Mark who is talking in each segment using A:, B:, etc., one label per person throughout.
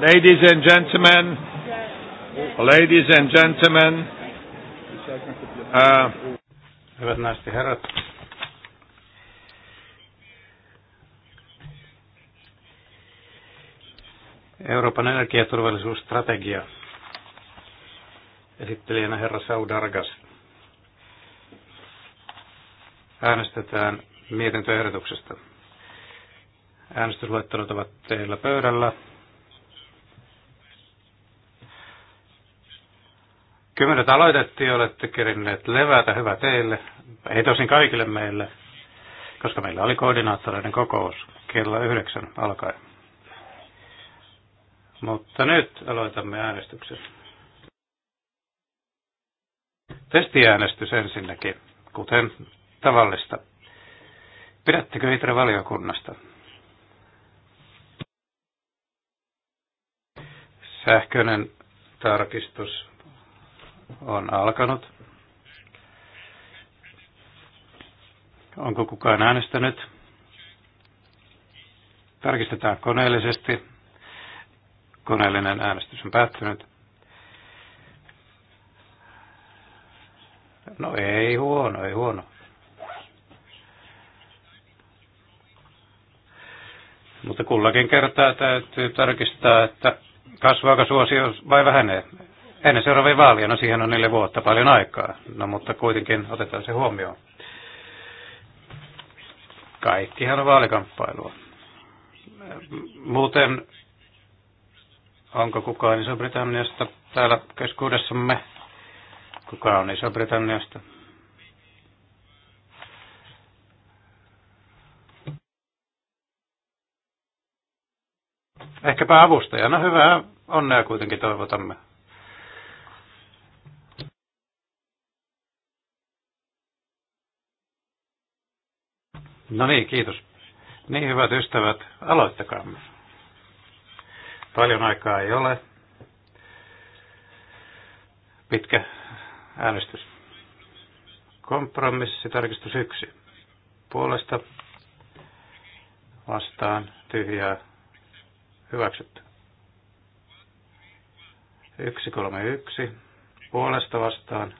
A: Ladies and gentlemen, ladies and gentlemen, uh, hyvät naiset ja herrat, Euroopan energiaturvallisuusstrategia. Esittelijänä herra Saudargas. Äänestetään mietintöehdotuksesta. Äänestysluettelot ovat teillä pöydällä. Kymmenet aloitettiin, olette kerinneet levätä, hyvä teille. Ei tosin kaikille meille, koska meillä oli koordinaattoreiden kokous kello yhdeksän alkaen. Mutta nyt aloitamme äänestyksen. Testiäänestys ensinnäkin, kuten tavallista. Pidättekö itse valiokunnasta? Sähköinen tarkistus on alkanut. Onko kukaan äänestänyt? Tarkistetaan koneellisesti. Koneellinen äänestys on päättynyt. No ei huono, ei huono. Mutta kullakin kertaa täytyy tarkistaa, että kasvaako suosio vai vähenee. Ennen seuraavia vaalia, no siihen on neljä vuotta paljon aikaa, no mutta kuitenkin otetaan se huomioon. Kaikkihan on vaalikamppailua. Muuten, onko kukaan Iso-Britanniasta täällä keskuudessamme? Kuka on Iso-Britanniasta? Ehkäpä avustajana no, hyvää onnea kuitenkin toivotamme. No niin, kiitos. Niin, hyvät ystävät, aloittakaamme. Paljon aikaa ei ole. Pitkä äänestys. Kompromissi, tarkistus yksi. Puolesta vastaan tyhjää hyväksytty. 131 puolesta vastaan.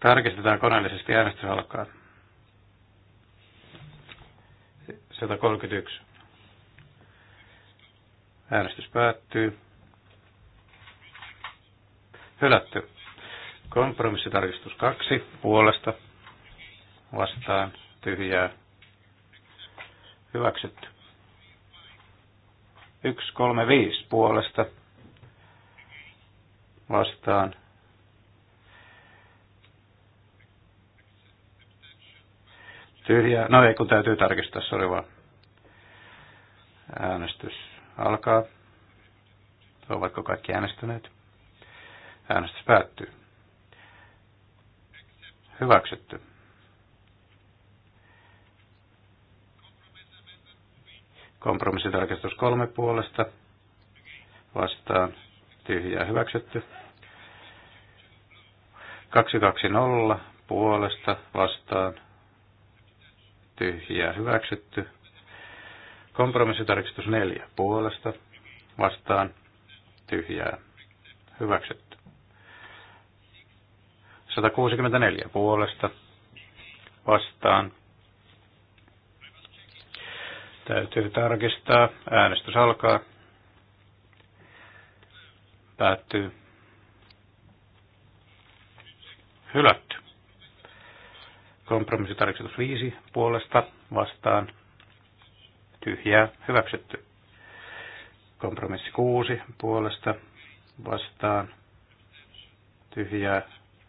A: Tarkistetaan koneellisesti äänestys alkaa. 131. Äänestys päättyy. Hylätty. Kompromissitarkistus 2 puolesta vastaan tyhjää. Hyväksytty. 135 puolesta vastaan Tyhjää. No ei, kun täytyy tarkistaa, oli vaan. Äänestys alkaa. Ovatko kaikki äänestyneet, Äänestys päättyy. Hyväksytty. Kompromissitarkistus kolme puolesta. Vastaan tyhjää hyväksytty. 220 puolesta vastaan tyhjää hyväksytty. Kompromissitarkistus 4 puolesta vastaan tyhjää hyväksytty. 164 puolesta vastaan. Täytyy tarkistaa. Äänestys alkaa. Päättyy. Hylätty. Kompromissitarkistus 5 puolesta vastaan tyhjää hyväksytty. Kompromissi 6 puolesta vastaan tyhjää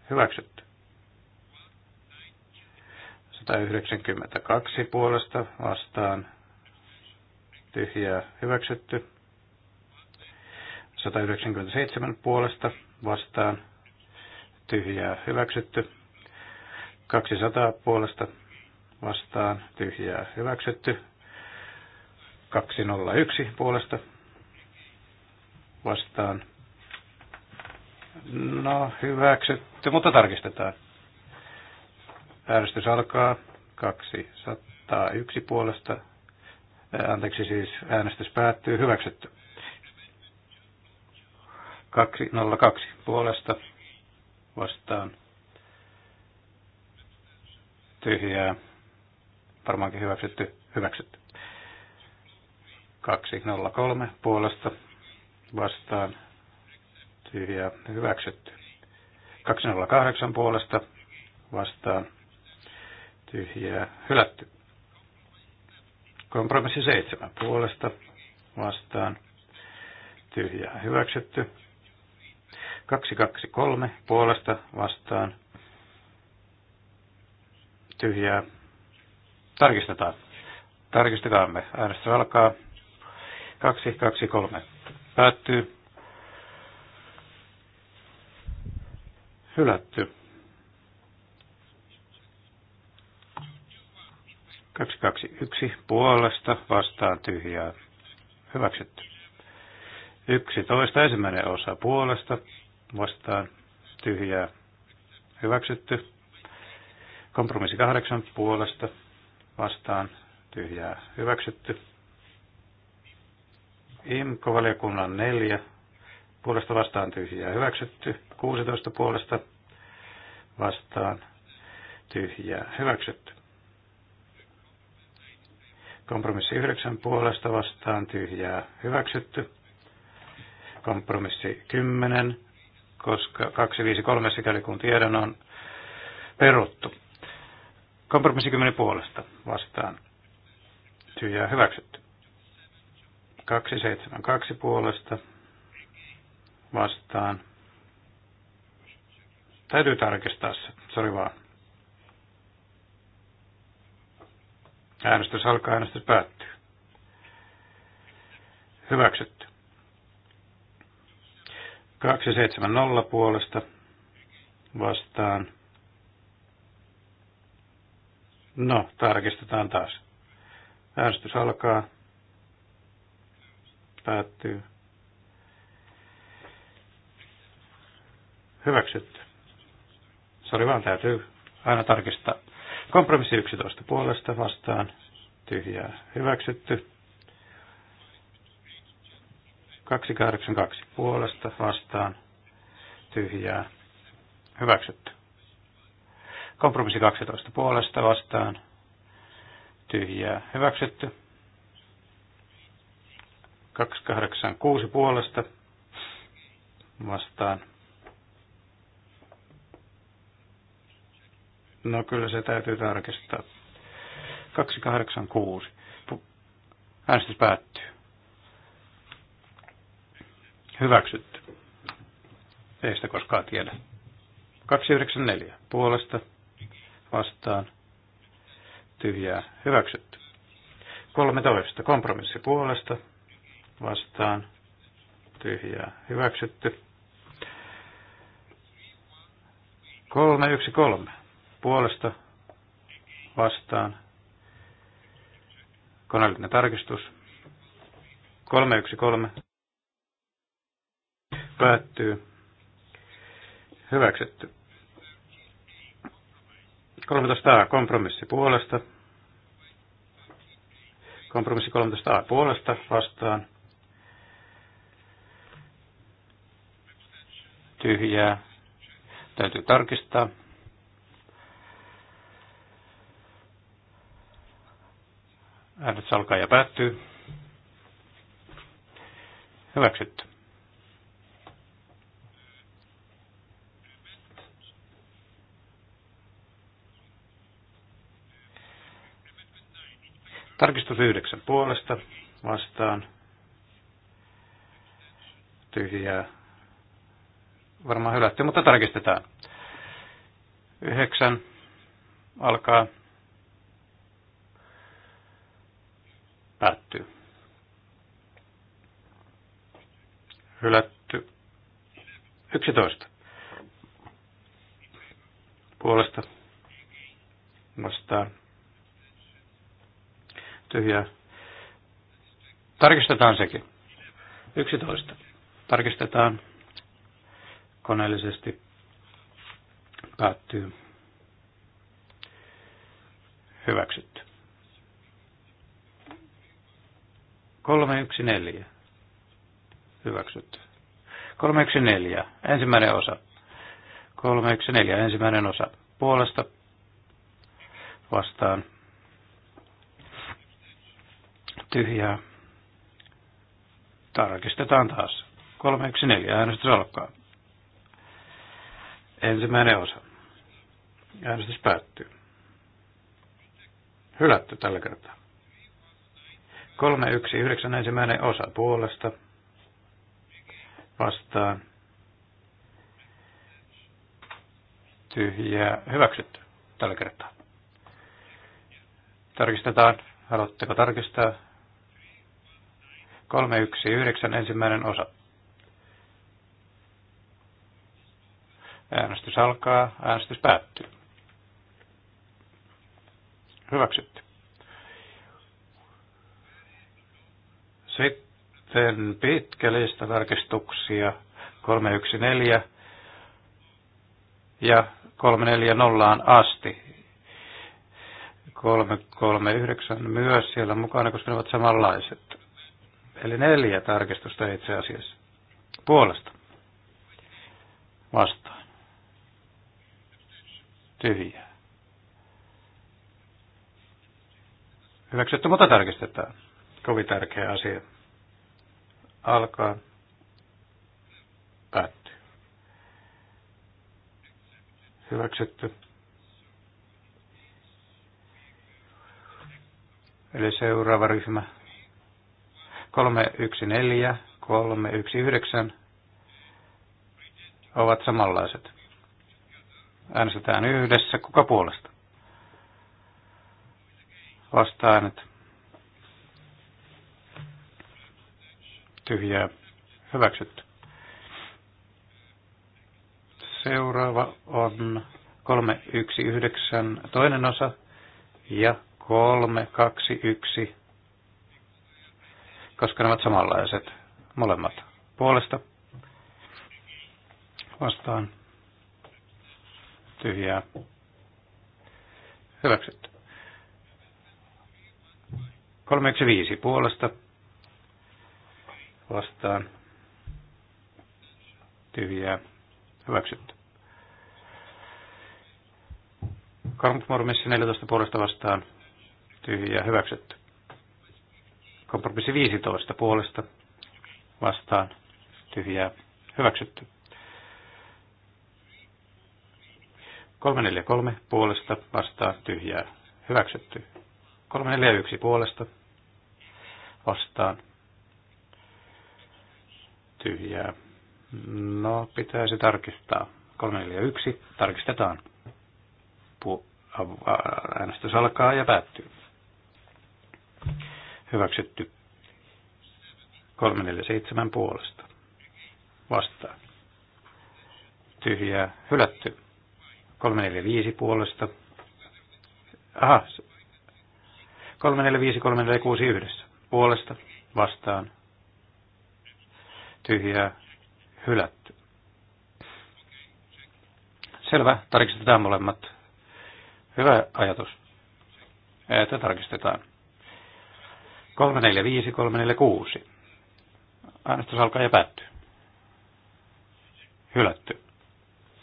A: hyväksytty. 192 puolesta vastaan tyhjää hyväksytty. 197 puolesta vastaan tyhjää hyväksytty. 200 puolesta vastaan tyhjää hyväksytty. 201 puolesta vastaan. No, hyväksytty, mutta tarkistetaan. Äänestys alkaa 201 puolesta. Anteeksi siis, äänestys päättyy, hyväksytty. 202 puolesta vastaan tyhjää, varmaankin hyväksytty, hyväksytty. 203 puolesta vastaan tyhjää, hyväksytty. 208 puolesta vastaan tyhjää, hylätty. Kompromissi 7 puolesta vastaan tyhjää, hyväksytty. 223 puolesta vastaan tyhjää. Tarkistetaan. Tarkistakaamme. Äänestys alkaa. kolme Päättyy. Hylätty. yksi puolesta vastaan tyhjää. Hyväksytty. 11 ensimmäinen osa puolesta vastaan tyhjää. Hyväksytty. Kompromissi kahdeksan puolesta vastaan tyhjää hyväksytty. IMKO-valiokunnan neljä puolesta vastaan tyhjää hyväksytty. 16 puolesta vastaan tyhjää hyväksytty. Kompromissi 9 puolesta vastaan tyhjää hyväksytty. Kompromissi 10, koska 253 sikäli kun tiedän on peruttu. Kompromissikymmenen puolesta vastaan. Tyhjää hyväksytty. 272 puolesta vastaan. Täytyy tarkistaa se. Sori vaan. Äänestys alkaa, äänestys päättyy. Hyväksytty. 270 puolesta vastaan No, tarkistetaan taas. Äänestys alkaa. Päättyy. Hyväksytty. Sori vaan, täytyy aina tarkistaa. Kompromissi 11 puolesta vastaan. Tyhjää. Hyväksytty. 282 puolesta vastaan. Tyhjää. Hyväksytty. Kompromissi 12 puolesta vastaan. Tyhjää hyväksytty. 286 puolesta vastaan. No kyllä se täytyy tarkistaa. 286. Äänestys päättyy. Hyväksytty. Ei sitä koskaan tiedä. 294 puolesta vastaan tyhjää hyväksytty. 13. Kompromissi puolesta vastaan tyhjää hyväksytty. 313 puolesta vastaan koneellinen tarkistus. 313 päättyy. Hyväksytty. 13a kompromissi puolesta. Kompromissi 13a puolesta vastaan. Tyhjää. Täytyy tarkistaa. Äänet alkaa ja päättyy. Hyväksytty. Tarkistus yhdeksän puolesta vastaan. Tyhjää. Varmaan hylätty, mutta tarkistetaan. yhdeksän alkaa. Päättyy. Hylätty. Yksitoista. Puolesta vastaan tyhjää. Tarkistetaan sekin. 11. Tarkistetaan koneellisesti. Päättyy. Hyväksytty. 314. Hyväksytty. 314. Ensimmäinen osa. 314. Ensimmäinen osa. Puolesta vastaan tyhjää. Tarkistetaan taas. 314 äänestys alkaa. Ensimmäinen osa. Äänestys päättyy. Hylätty tällä kertaa. 319 ensimmäinen osa puolesta vastaan. Tyhjää. Hyväksytty tällä kertaa. Tarkistetaan. Haluatteko tarkistaa? 319 ensimmäinen osa. Äänestys alkaa, äänestys päättyy. Hyväksytty. Sitten pitkä lista tarkistuksia 314 ja 340 asti. 339 myös siellä mukana, koska ne ovat samanlaiset. Eli neljä tarkistusta itse asiassa. Puolesta. Vastaan. Tyhjää. Hyväksytty, mutta tarkistetaan. Kovin tärkeä asia. Alkaa. Päättyy. Hyväksytty. Eli seuraava ryhmä 314, 319 ovat samanlaiset. Äänestetään yhdessä. Kuka puolesta? Vasta-äänet. Tyhjää. Hyväksytty. Seuraava on 319 toinen osa ja 321 koska ne ovat samanlaiset, molemmat puolesta vastaan tyhjää hyväksytty. viisi puolesta vastaan tyhjää hyväksytty. Kompromissi 14 puolesta vastaan tyhjää hyväksytty. Kompromissi 15 puolesta vastaan tyhjää hyväksytty. 343 puolesta vastaan tyhjää hyväksytty. 341 puolesta vastaan tyhjää. No, pitäisi tarkistaa. 341 tarkistetaan. Pu- äänestys alkaa ja päättyy. Hyväksytty. 347 puolesta. Vastaan. Tyhjää. Hylätty. 345 puolesta. Aha. 345, 346 yhdessä. Puolesta. Vastaan. Tyhjää. Hylätty. Selvä. Tarkistetaan molemmat. Hyvä ajatus. Että tarkistetaan. 345, 346. Äänestys alkaa ja päättyy. Hylätty.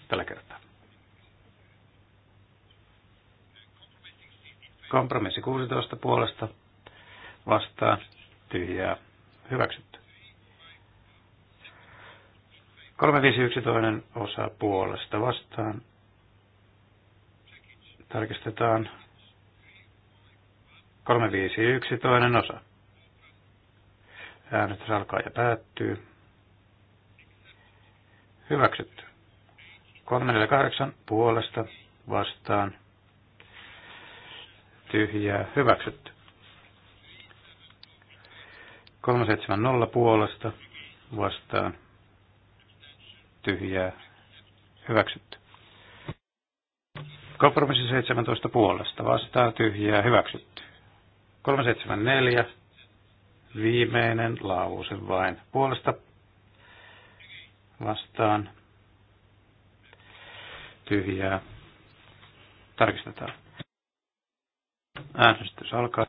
A: Tällä kertaa. Kompromissi 16 puolesta vastaan tyhjää hyväksytty. 351 toinen osa puolesta vastaan. Tarkistetaan 351 toinen osa. Äänestys alkaa ja päättyy. Hyväksytty. 38 puolesta vastaan. Tyhjää. Hyväksytty. 370 puolesta vastaan. Tyhjää. Hyväksytty. Kompromissi 17 puolesta vastaan. Tyhjää. Hyväksytty. 374 viimeinen lause vain puolesta vastaan tyhjää. Tarkistetaan. Äänestys alkaa.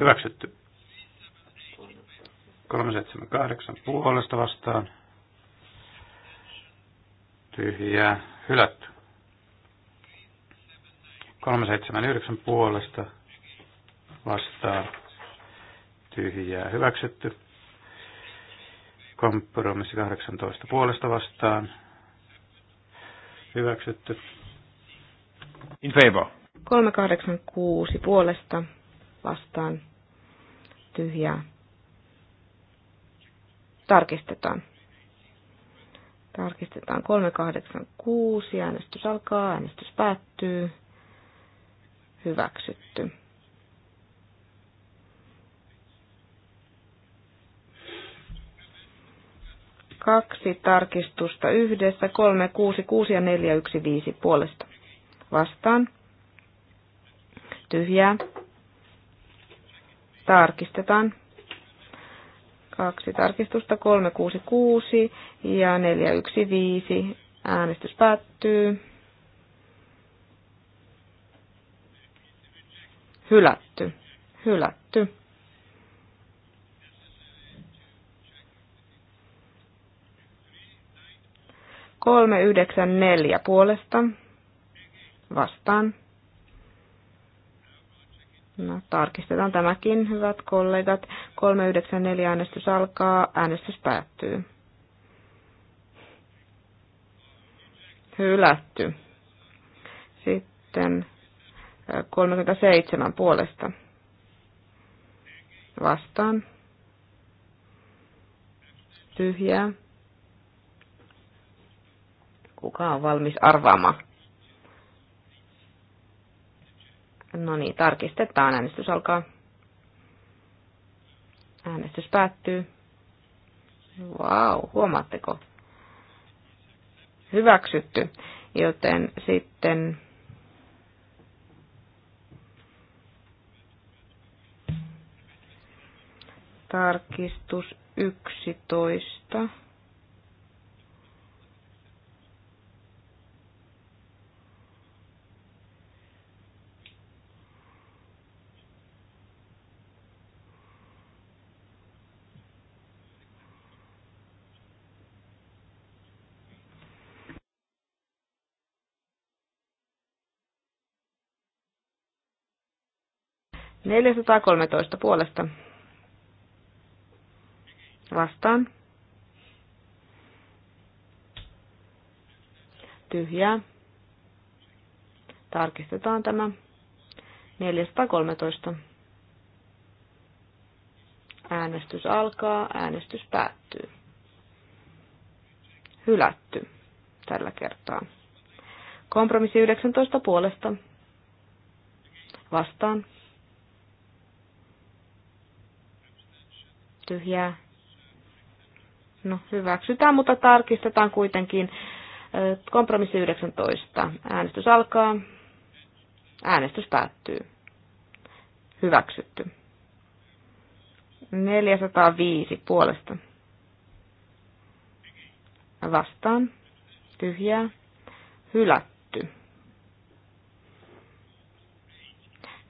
A: Hyväksytty. 378 puolesta vastaan. Tyhjää. Hylätty. 379 puolesta vastaa tyhjää hyväksytty. Kompromissi 18 puolesta vastaan hyväksytty. In favor.
B: 386 puolesta vastaan tyhjää. Tarkistetaan. Tarkistetaan 386, äänestys alkaa, äänestys päättyy hyväksytty. Kaksi tarkistusta yhdessä, kolme, kuusi, kuusi ja neljä, yksi, viisi puolesta. Vastaan. Tyhjää. Tarkistetaan. Kaksi tarkistusta, kolme, kuusi, kuusi ja neljä, yksi, viisi. Äänestys päättyy. hylätty, hylätty. Kolme yhdeksän neljä puolesta vastaan. No, tarkistetaan tämäkin, hyvät kollegat. 394 äänestys alkaa, äänestys päättyy. Hylätty. Sitten 37 puolesta vastaan. Tyhjää. Kuka on valmis arvaamaan? No niin, tarkistetaan. Äänestys alkaa. Äänestys päättyy. Vau, wow, huomaatteko? Hyväksytty. Joten sitten Tarkistus 11. kolmetoista puolesta vastaan. Tyhjää. Tarkistetaan tämä. 413. Äänestys alkaa, äänestys päättyy. Hylätty tällä kertaa. Kompromissi 19 puolesta. Vastaan. Tyhjää. No, hyväksytään, mutta tarkistetaan kuitenkin. Kompromissi 19. Äänestys alkaa. Äänestys päättyy. Hyväksytty. 405 puolesta. Vastaan. Tyhjää. Hylätty.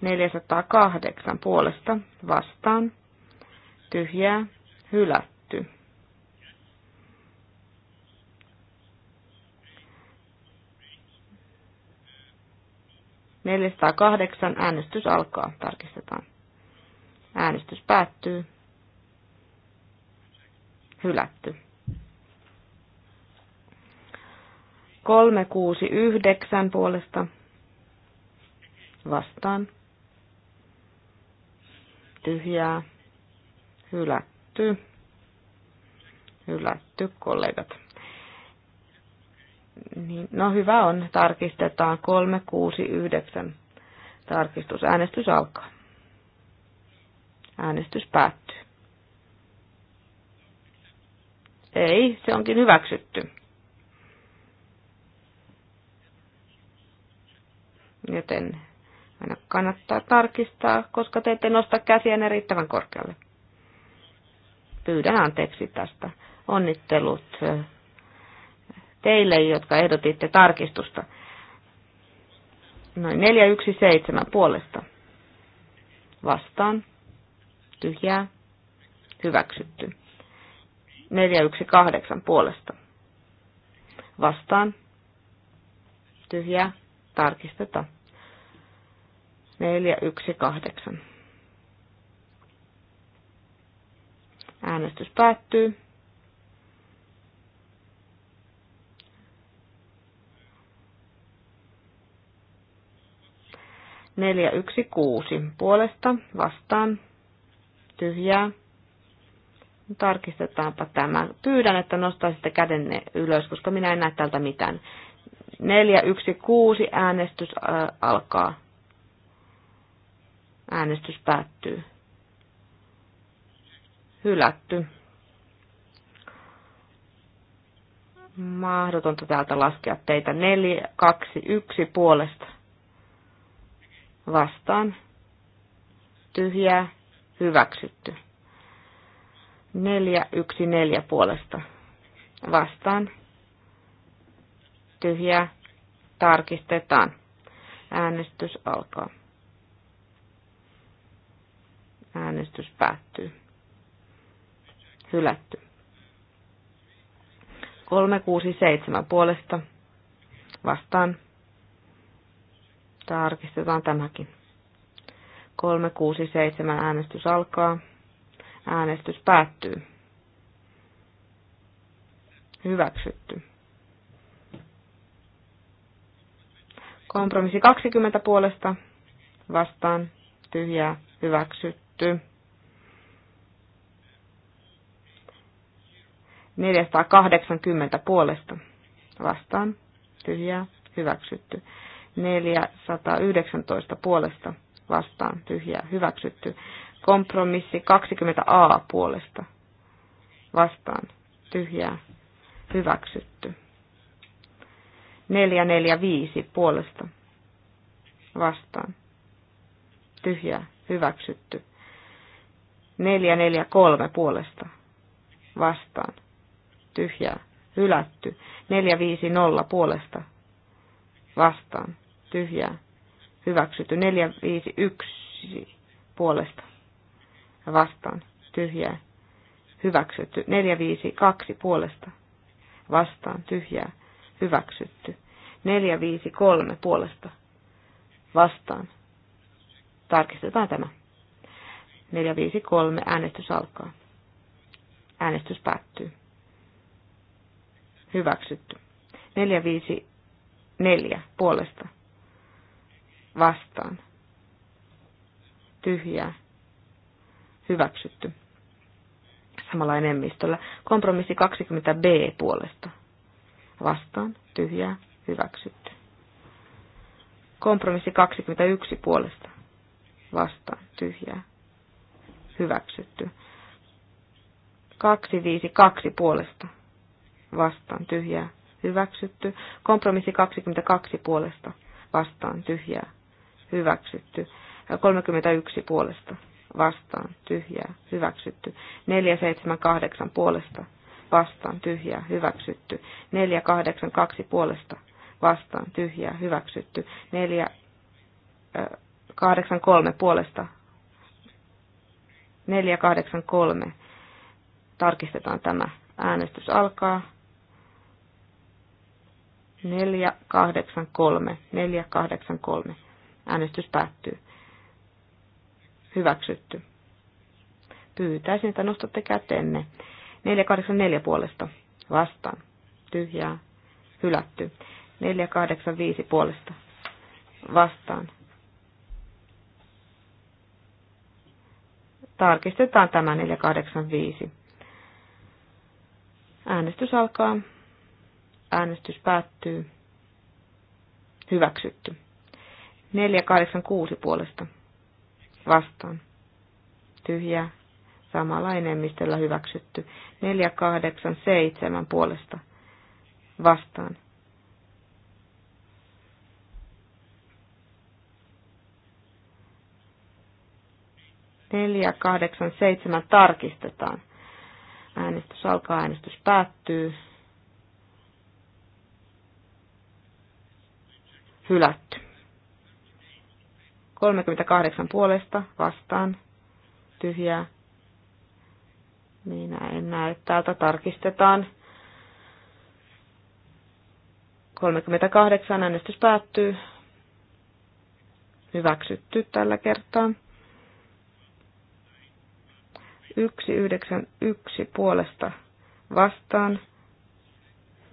B: 408 puolesta. Vastaan. Tyhjää. Hylätty. 408 äänestys alkaa, tarkistetaan. Äänestys päättyy. Hylätty. 369 puolesta vastaan. Tyhjää. Hylätty. Hylätty, kollegat. Niin, no hyvä on, tarkistetaan 369. Tarkistus, äänestys alkaa. Äänestys päättyy. Ei, se onkin hyväksytty. Joten aina kannattaa tarkistaa, koska te ette nosta käsiänne riittävän korkealle. Pyydän anteeksi tästä. Onnittelut teille, jotka ehdotitte tarkistusta. Noin 417 puolesta. Vastaan. Tyhjää. Hyväksytty. 418 puolesta. Vastaan. Tyhjää. Tarkisteta. 418. Äänestys päättyy. 416 puolesta vastaan tyhjää. Tarkistetaanpa tämä. Pyydän, että nostaisitte kädenne ylös, koska minä en näe täältä mitään. 416 äänestys alkaa. Äänestys päättyy. Hylätty. Mahdotonta täältä laskea teitä. 421 puolesta vastaan tyhjää hyväksytty. 414 puolesta vastaan tyhjää tarkistetaan. Äänestys alkaa. Äänestys päättyy. Hylätty. 367 puolesta vastaan Tarkistetaan tämäkin. 367 äänestys alkaa. Äänestys päättyy. Hyväksytty. Kompromissi 20 puolesta. Vastaan. Tyhjää. Hyväksytty. 480 puolesta. Vastaan. Tyhjää. Hyväksytty. 419 puolesta vastaan tyhjää hyväksytty. Kompromissi 20a puolesta vastaan tyhjää hyväksytty. 445 puolesta vastaan tyhjää hyväksytty. 443 puolesta vastaan tyhjää hylätty. 450 puolesta vastaan tyhjää hyväksytty. 451 puolesta vastaan tyhjää hyväksytty. 452 puolesta vastaan tyhjää hyväksytty. 453 puolesta vastaan. Tarkistetaan tämä. 453 äänestys alkaa. Äänestys päättyy. Hyväksytty. 454 puolesta vastaan. Tyhjää. Hyväksytty. Samalla enemmistöllä. Kompromissi 20b puolesta. Vastaan. Tyhjää. Hyväksytty. Kompromissi 21 puolesta. Vastaan. Tyhjää. Hyväksytty. 252 puolesta. Vastaan. Tyhjää. Hyväksytty. Kompromissi 22 puolesta. Vastaan. Tyhjää hyväksytty. 31 puolesta vastaan tyhjää hyväksytty. 478 puolesta vastaan tyhjää hyväksytty. 482 puolesta vastaan tyhjää hyväksytty. 483 puolesta 483 tarkistetaan tämä. Äänestys alkaa. 483, 483. Äänestys päättyy. Hyväksytty. Pyytäisin, että nostatte kätenne. 484 puolesta. Vastaan. Tyhjää. Hylätty. 485 puolesta. Vastaan. Tarkistetaan tämä 485. Äänestys alkaa. Äänestys päättyy. Hyväksytty. 486 puolesta vastaan. tyhjä Samalla enemmistöllä hyväksytty. 487 puolesta vastaan. Neljä, kahdeksan, seitsemän tarkistetaan. Äänestys alkaa, äänestys päättyy. Hylätty. 38 puolesta vastaan tyhjää. Minä en näe. että Täältä tarkistetaan. 38 äänestys päättyy. Hyväksytty tällä kertaa. 191 puolesta vastaan.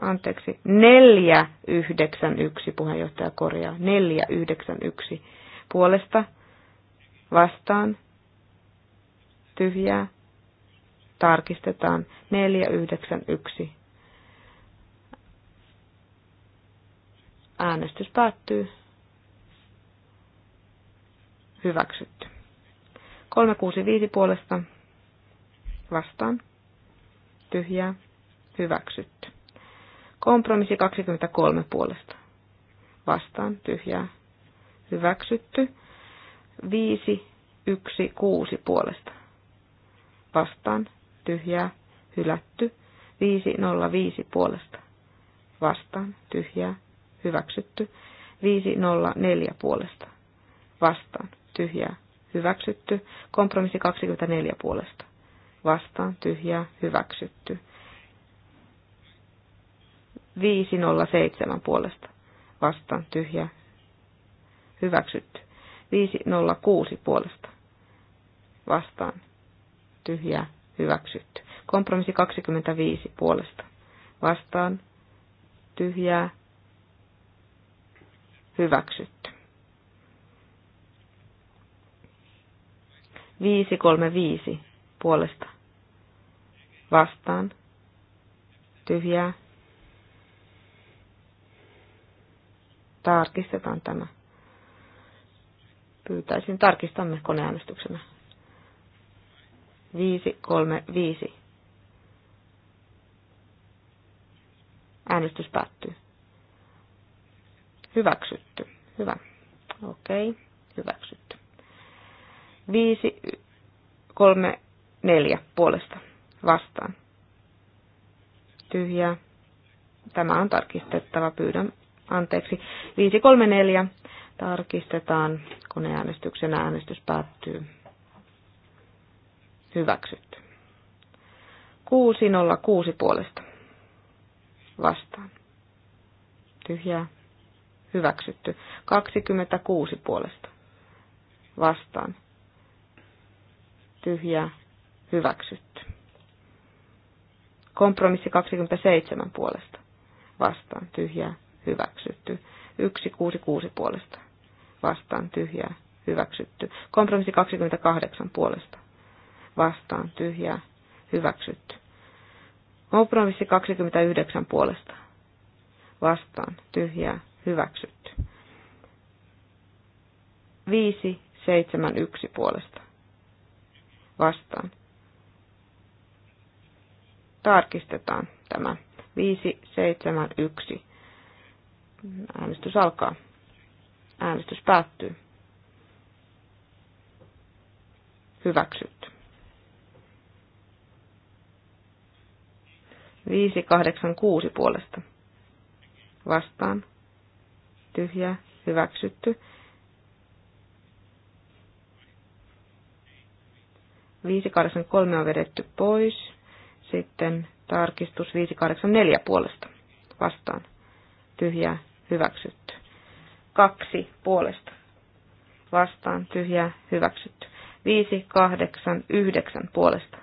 B: Anteeksi, 491 puheenjohtaja korjaa. 491 puolesta vastaan tyhjää tarkistetaan 491. Äänestys päättyy. Hyväksytty. 365 puolesta vastaan. Tyhjää. Hyväksytty. Kompromissi 23 puolesta. Vastaan. Tyhjää hyväksytty. 5, 1, 6 puolesta. Vastaan, tyhjää, hylätty. 5, 0, 5 puolesta. Vastaan, tyhjää, hyväksytty. 5, 0, 4 puolesta. Vastaan, tyhjää, hyväksytty. Kompromissi 24 puolesta. Vastaan, tyhjää, hyväksytty. 507 puolesta. Vastaan, tyhjä, hyväksytty. 506 puolesta vastaan tyhjä hyväksytty. Kompromissi 25 puolesta vastaan tyhjä hyväksytty. 535 puolesta vastaan tyhjää tarkistetaan tämä pyytäisin tarkistamme koneäänestyksenä. 5, 3, 5. Äänestys päättyy. Hyväksytty. Hyvä. Okei. Okay. Hyväksytty. 5, 3, 4 puolesta vastaan. Tyhjää. Tämä on tarkistettava. Pyydän anteeksi. 5, 3, 4 Tarkistetaan, kun äänestyksen äänestys päättyy. Hyväksytty. 606 puolesta. Vastaan. Tyhjää. Hyväksytty. 26 puolesta. Vastaan. Tyhjää. Hyväksytty. Kompromissi 27 puolesta. Vastaan. Tyhjää. Hyväksytty. 166 puolesta vastaan tyhjää hyväksytty. Kompromissi 28 puolesta vastaan tyhjää hyväksytty. Kompromissi 29 puolesta vastaan tyhjää hyväksytty. 5, 7, 1 puolesta vastaan. Tarkistetaan tämä. 5, 7, 1 Äänestys alkaa. Äänestys päättyy. Hyväksytty. 586 puolesta. Vastaan. Tyhjä. Hyväksytty. 583 on vedetty pois. Sitten tarkistus 584 puolesta. Vastaan. Tyhjä hyväksytty. Kaksi puolesta vastaan tyhjää hyväksytty. Viisi, kahdeksan, yhdeksän puolesta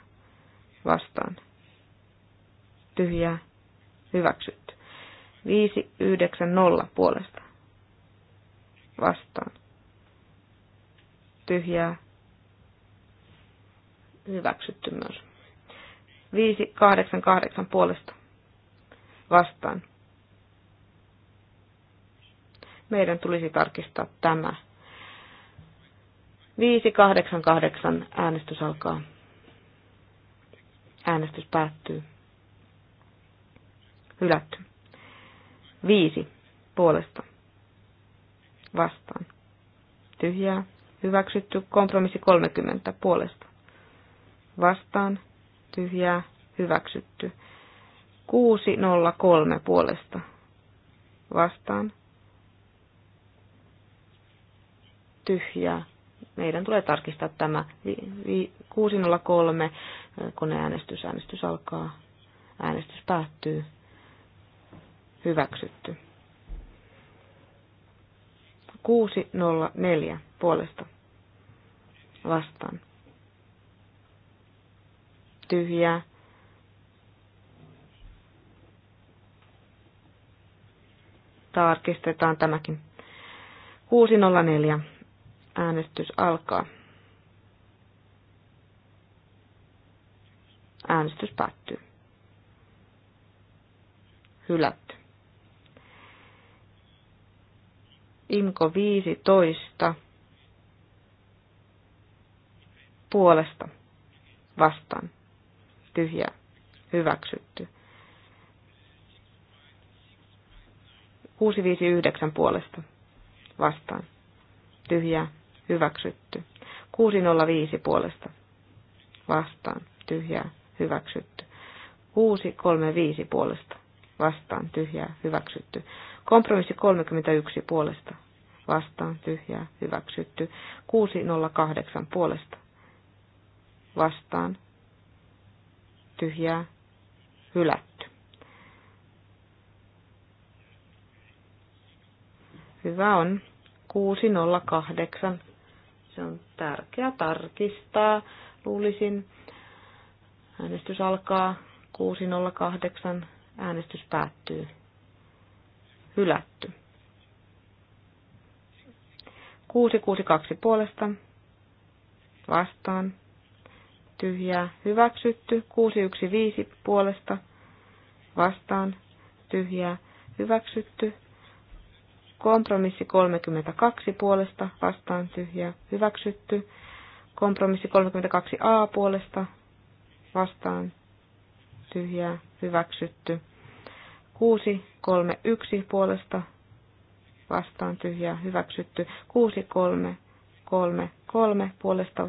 B: vastaan tyhjää hyväksytty. Viisi, yhdeksän, nolla puolesta vastaan tyhjää hyväksytty myös. kahdeksan puolesta vastaan meidän tulisi tarkistaa tämä. 588 äänestys alkaa. Äänestys päättyy. Hylätty. Viisi puolesta. Vastaan. Tyhjää. Hyväksytty. Kompromissi 30 puolesta. Vastaan. Tyhjää. Hyväksytty. 603 puolesta. Vastaan. tyhjää. Meidän tulee tarkistaa tämä 603 äänestys, Äänestys alkaa. Äänestys päättyy. Hyväksytty. 604 puolesta vastaan. Tyhjää. Tarkistetaan tämäkin. 604. Äänestys alkaa. Äänestys päättyy. Hylätty. Imko 15 puolesta vastaan. Tyhjä. Hyväksytty. 659 puolesta vastaan. Tyhjää hyväksytty. 605 puolesta vastaan tyhjää hyväksytty. 635 puolesta vastaan tyhjää hyväksytty. Kompromissi 31 puolesta vastaan tyhjää hyväksytty. 608 puolesta vastaan tyhjää hylätty. Hyvä on. 608 on tärkeää tarkistaa, luulisin. Äänestys alkaa 6.08. Äänestys päättyy. Hylätty. 662 puolesta. Vastaan. Tyhjää. Hyväksytty. 615 puolesta. Vastaan. Tyhjää. Hyväksytty. Kompromissi 32 puolesta vastaan tyhjä hyväksytty. Kompromissi 32a puolesta vastaan tyhjä hyväksytty. 631 puolesta vastaan tyhjä hyväksytty. 6333 puolesta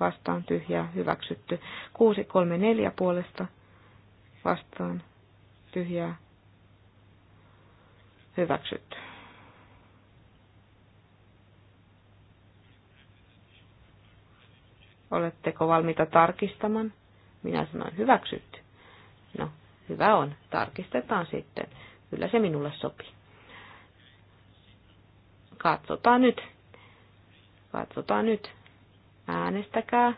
B: vastaan tyhjä hyväksytty. 634 puolesta vastaan tyhjä hyväksytty. Oletteko valmiita tarkistamaan? Minä sanoin, hyväksytty. No, hyvä on. Tarkistetaan sitten. Kyllä se minulle sopii. Katsotaan nyt. Katsotaan nyt. Äänestäkää.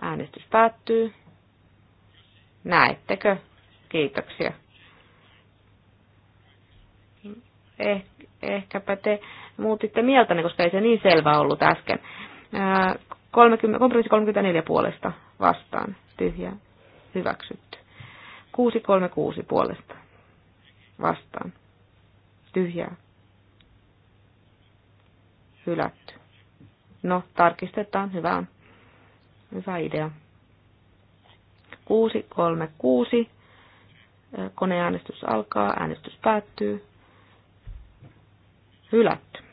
B: Äänestys päättyy. Näettekö? Kiitoksia. Eh, ehkäpä te muutitte mieltäne, koska ei se niin selvä ollut äsken. Ää, 30, kompromissi 34 puolesta vastaan. Tyhjä. Hyväksytty. 636 puolesta vastaan. Tyhjää. Hylätty. No, tarkistetaan. Hyvä on. Hyvä idea. 636. Koneäänestys alkaa. Äänestys päättyy. Hylätty.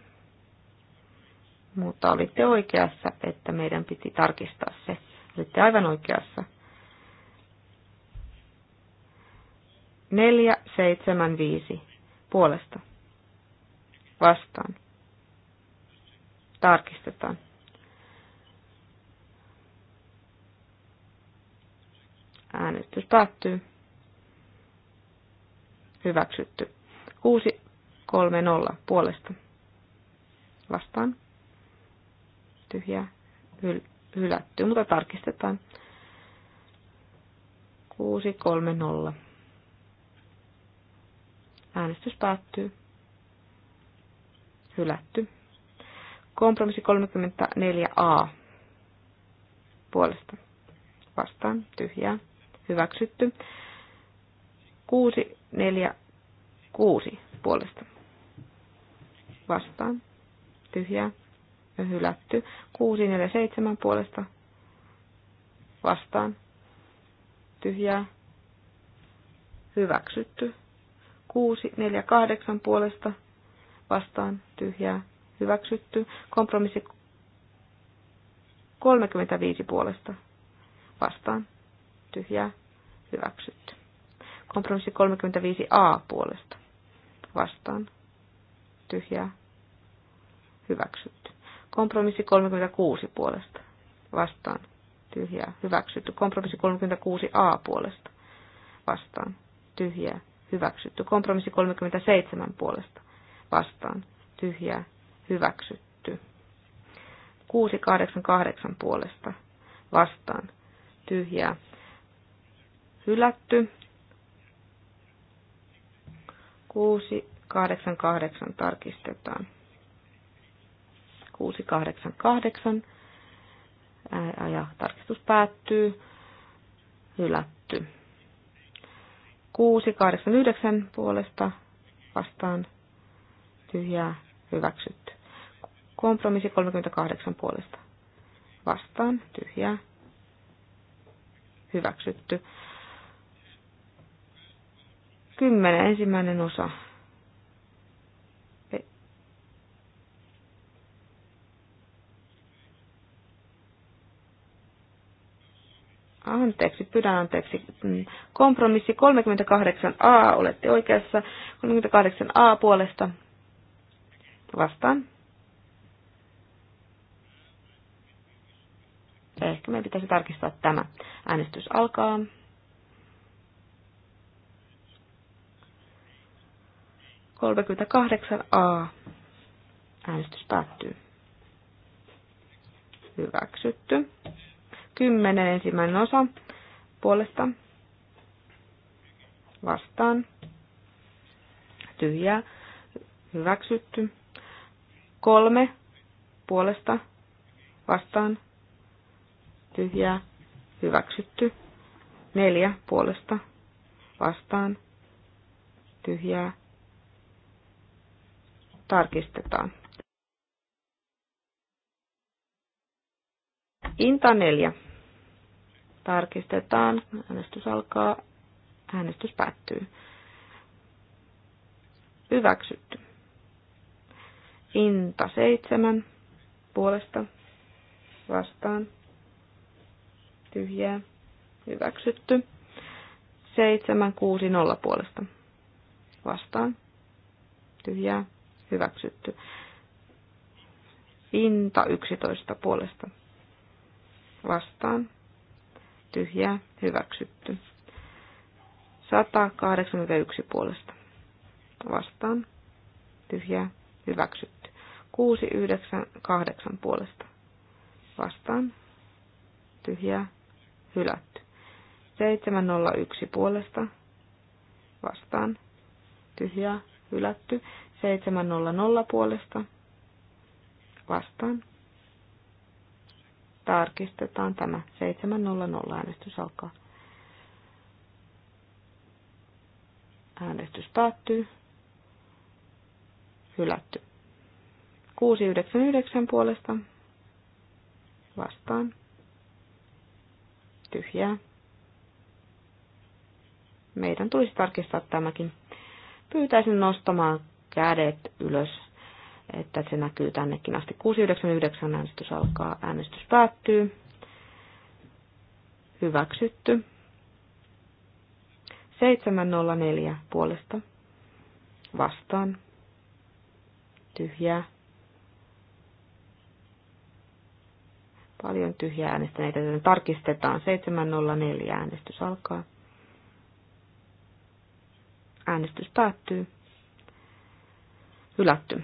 B: Mutta olitte oikeassa, että meidän piti tarkistaa se. Olitte aivan oikeassa. 4, 7, 5. Puolesta. Vastaan. Tarkistetaan. Äänestys päättyy. Hyväksytty. 6, 3, 0. Puolesta. Vastaan tyhjää hylätty, mutta tarkistetaan. 630. Äänestys päättyy. Hylätty. Kompromissi 34a. Puolesta. Vastaan. Tyhjää. Hyväksytty. 646. Puolesta. Vastaan. Tyhjää hylätty. 647 puolesta vastaan tyhjää hyväksytty. 648 puolesta vastaan tyhjää hyväksytty. Kompromissi 35 puolesta vastaan tyhjää hyväksytty. Kompromissi 35a puolesta vastaan tyhjää hyväksytty. Kompromissi 36 puolesta vastaan tyhjää hyväksytty. Kompromissi 36a puolesta vastaan tyhjää hyväksytty. Kompromissi 37 puolesta vastaan tyhjää hyväksytty. 688 puolesta vastaan tyhjää hylätty. 688 tarkistetaan. 688. Ja tarkistus päättyy. Hylätty. 689 puolesta vastaan tyhjää hyväksytty. Kompromissi 38 puolesta vastaan tyhjää hyväksytty. Kymmenen ensimmäinen osa anteeksi, pyydän anteeksi, mm, kompromissi 38a, olette oikeassa, 38a puolesta vastaan. Ehkä meidän pitäisi tarkistaa tämä. Äänestys alkaa. A. Äänestys päättyy. Hyväksytty. 10 ensimmäinen osa puolesta vastaan. Tyhjää. Hyväksytty. Kolme puolesta vastaan. Tyhjää. Hyväksytty. Neljä puolesta vastaan. Tyhjää. Tarkistetaan. Inta neljä. Tarkistetaan. Äänestys alkaa. Äänestys päättyy. Hyväksytty. Inta 7 puolesta vastaan. Tyhjää. Hyväksytty. 760 puolesta vastaan. Tyhjää. Hyväksytty. Inta 11 puolesta vastaan tyhjää, hyväksytty. 181 puolesta. Vastaan, tyhjää, hyväksytty. 698 puolesta. Vastaan, tyhjää, hylätty. 701 puolesta. Vastaan, tyhjää, hylätty. 700 puolesta. Vastaan, Tarkistetaan tämä. 7.00 äänestys alkaa. Äänestys päättyy. Hylätty. 699 puolesta. Vastaan. Tyhjää. Meidän tulisi tarkistaa tämäkin. Pyytäisin nostamaan kädet ylös että se näkyy tännekin asti. 699 äänestys alkaa, äänestys päättyy. Hyväksytty. 704 puolesta. Vastaan. Tyhjää. Paljon tyhjää äänestäneitä, joten tarkistetaan. 704 äänestys alkaa. Äänestys päättyy. Hylätty.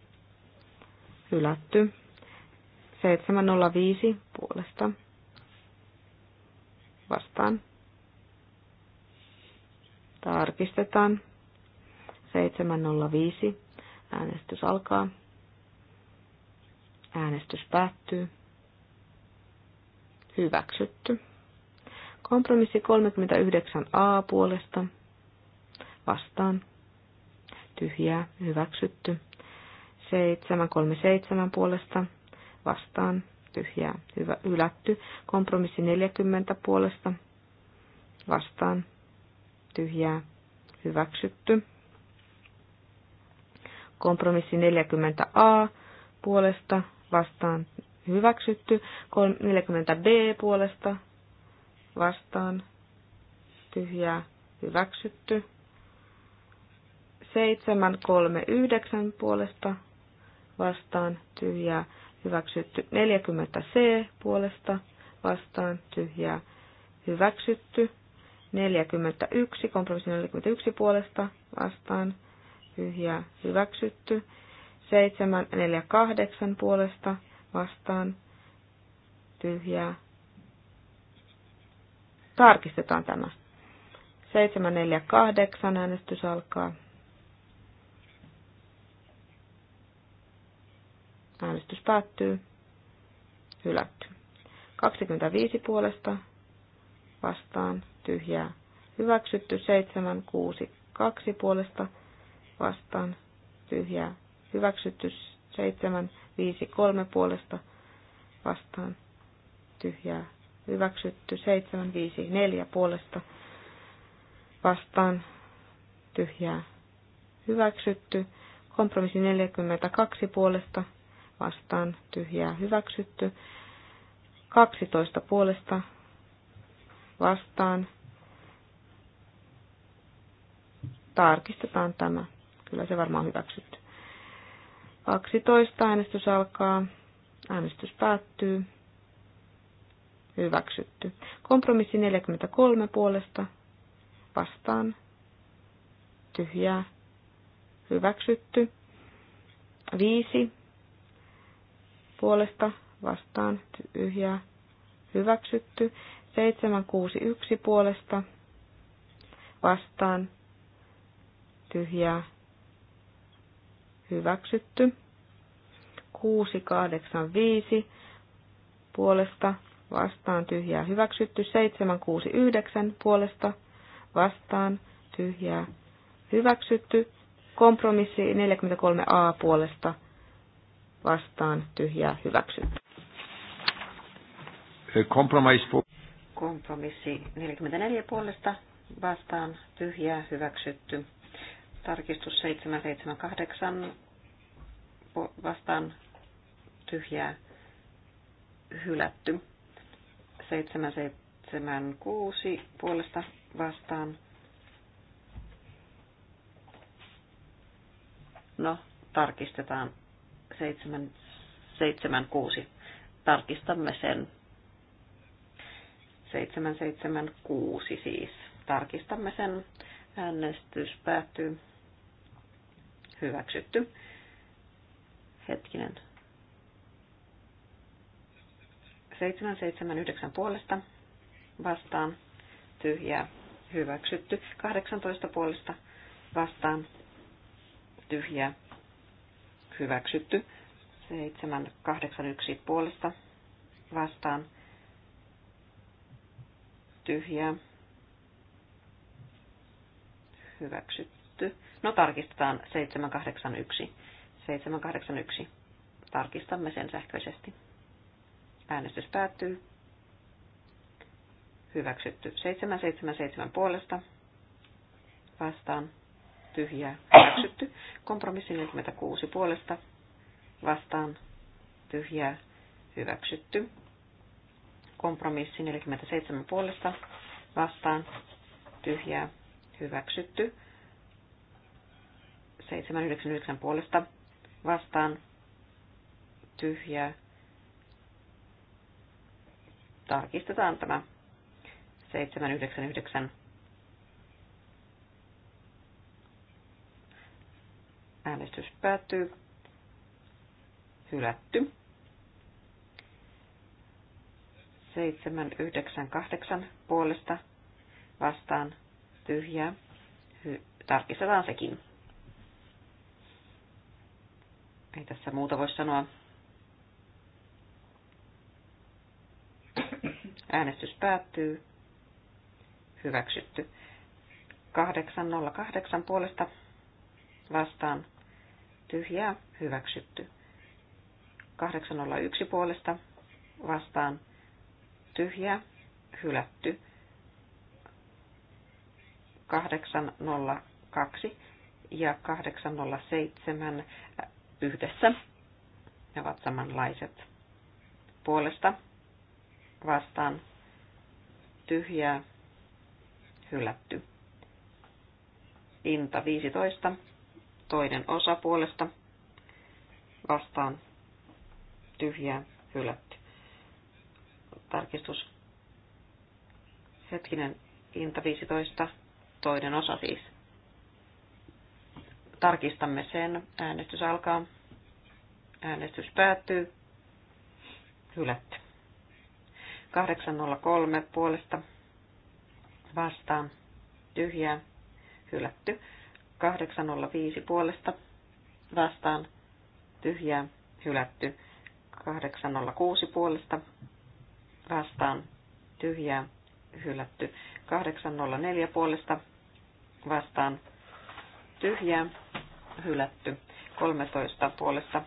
B: hylätty. 705 puolesta vastaan. Tarkistetaan. 705. Äänestys alkaa. Äänestys päättyy. Hyväksytty. Kompromissi 39a puolesta. Vastaan. Tyhjää. Hyväksytty. 737 puolesta vastaan tyhjää hyvä ylätty. Kompromissi 40 puolesta vastaan tyhjää hyväksytty. Kompromissi 40a puolesta vastaan hyväksytty. 40b puolesta vastaan tyhjää hyväksytty. 739 puolesta vastaan tyhjää hyväksytty. 40C puolesta vastaan tyhjää hyväksytty. 41, kompromissi 41 puolesta vastaan tyhjää hyväksytty. 748 puolesta vastaan tyhjää. Tarkistetaan tämä. 748 äänestys alkaa. Äänestys päättyy. Hylätty. 25 puolesta vastaan tyhjää. Hyväksytty 7, 6, 2 puolesta vastaan tyhjää. Hyväksytty 7, 5, 3 puolesta vastaan tyhjää. Hyväksytty 7, 5, 4 puolesta vastaan tyhjää. Hyväksytty kompromissi 42 puolesta vastaan tyhjää hyväksytty. 12 puolesta vastaan. Tarkistetaan tämä. Kyllä se varmaan hyväksytty. 12 äänestys alkaa. Äänestys päättyy. Hyväksytty. Kompromissi 43 puolesta vastaan. Tyhjää. Hyväksytty. 5 puolesta vastaan tyhjää hyväksytty. 761 puolesta vastaan tyhjää hyväksytty. 685 puolesta vastaan tyhjää hyväksytty. 769 puolesta vastaan tyhjää hyväksytty. Kompromissi 43a puolesta vastaan tyhjää hyväksytty.
A: Eh,
C: Kompromissi 44 puolesta vastaan tyhjää hyväksytty. Tarkistus 778 vastaan tyhjää hylätty. 776 puolesta vastaan. No, tarkistetaan 776. Tarkistamme sen. 776 siis. Tarkistamme sen. Äänestys päättyy. Hyväksytty. Hetkinen. 779 puolesta vastaan tyhjää hyväksytty. 18 puolesta vastaan tyhjää hyväksytty. 781 puolesta vastaan tyhjää hyväksytty. No tarkistetaan 781. 781. Tarkistamme sen sähköisesti. Äänestys päättyy. Hyväksytty 777 puolesta. Vastaan tyhjää hyväksytty. Kompromissi 46 puolesta vastaan tyhjää hyväksytty. Kompromissi 47 puolesta vastaan tyhjää hyväksytty. 799 puolesta vastaan tyhjää. Tarkistetaan tämä 799 Äänestys päättyy. Hylätty. 8 puolesta vastaan tyhjää. Hy- tarkistetaan sekin. Ei tässä muuta voi sanoa. Äänestys päättyy. Hyväksytty. 808 puolesta vastaan tyhjää hyväksytty. 801 puolesta vastaan tyhjää hylätty. 802 ja 807 äh, yhdessä. Ne ovat samanlaiset. Puolesta vastaan tyhjää hylätty. Inta 15 toinen osa puolesta vastaan tyhjää hylätty. Tarkistus. Hetkinen, Inta 15, toinen osa siis. Tarkistamme sen. Äänestys alkaa. Äänestys päättyy. Hylätty. 803 puolesta vastaan tyhjää hylätty. 805 puolesta vastaan tyhjää hylätty. 806 puolesta vastaan tyhjää hylätty. 804 puolesta vastaan tyhjää hylätty. 13 puolesta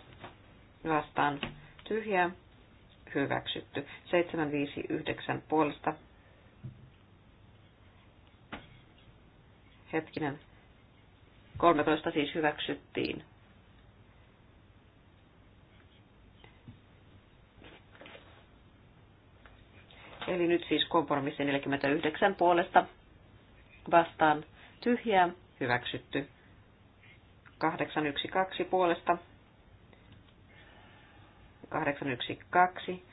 C: vastaan tyhjää hyväksytty. 759 puolesta hetkinen 13 siis hyväksyttiin. Eli nyt siis kompromissi 49 puolesta vastaan tyhjää hyväksytty. 812 puolesta. 812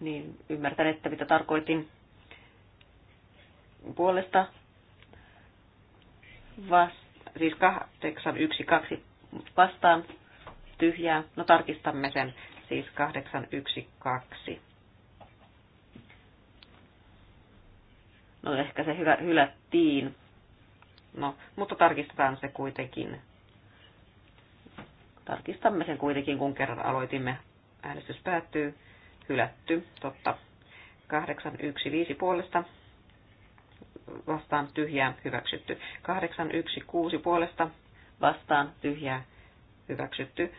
C: niin ymmärtän, että mitä tarkoitin puolesta. Vas, siis 812 vastaan tyhjää. No tarkistamme sen. Siis 812. No ehkä se hyvä, hylättiin. No, mutta tarkistetaan se kuitenkin. Tarkistamme sen kuitenkin, kun kerran aloitimme. Äänestys päättyy hylätty, totta. 815 puolesta vastaan tyhjää hyväksytty. 816 puolesta vastaan tyhjää hyväksytty.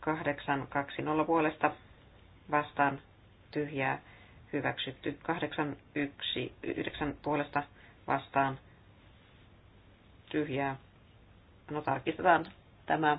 C: 820 puolesta vastaan tyhjää hyväksytty. 819 puolesta vastaan tyhjää. No tarkistetaan tämä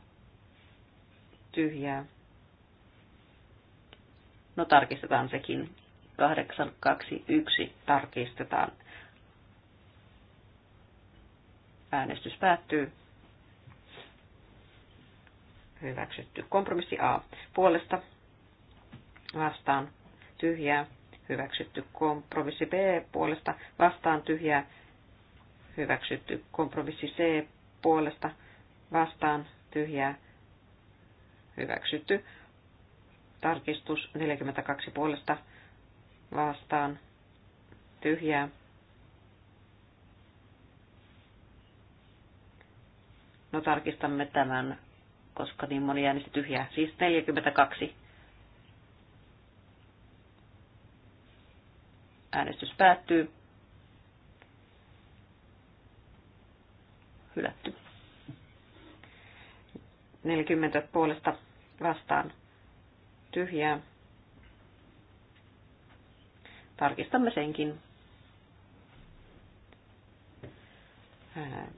C: tyhjää. No tarkistetaan sekin. 821 tarkistetaan. Äänestys päättyy. Hyväksytty. Kompromissi A. Puolesta vastaan tyhjää. Hyväksytty. Kompromissi B. Puolesta vastaan tyhjää. Hyväksytty. Kompromissi C. Puolesta vastaan tyhjää hyväksytty. Tarkistus 42 puolesta vastaan tyhjää. No tarkistamme tämän, koska niin moni äänesti tyhjää. Siis 42. Äänestys päättyy. Hylätty. 40 puolesta vastaan tyhjää. Tarkistamme senkin.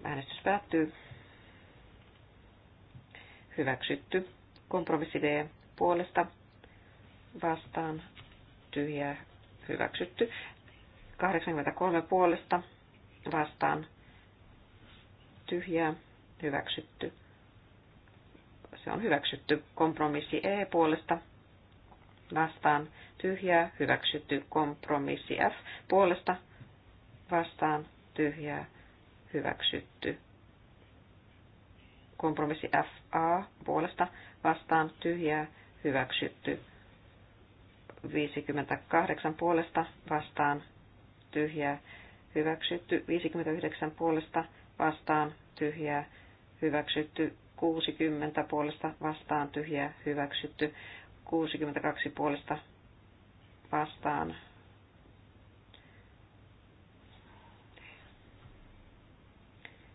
C: Äänestys päättyy. Hyväksytty. Kompromissi D puolesta vastaan tyhjää hyväksytty. 83 puolesta vastaan tyhjää hyväksytty. Se on hyväksytty. Kompromissi E puolesta vastaan tyhjää, hyväksytty. Kompromissi F puolesta vastaan tyhjää, hyväksytty. Kompromissi FA puolesta vastaan tyhjää, hyväksytty. 58 puolesta vastaan tyhjää, hyväksytty. 59 puolesta vastaan tyhjää, hyväksytty 60 puolesta vastaan tyhjä hyväksytty. 62 puolesta vastaan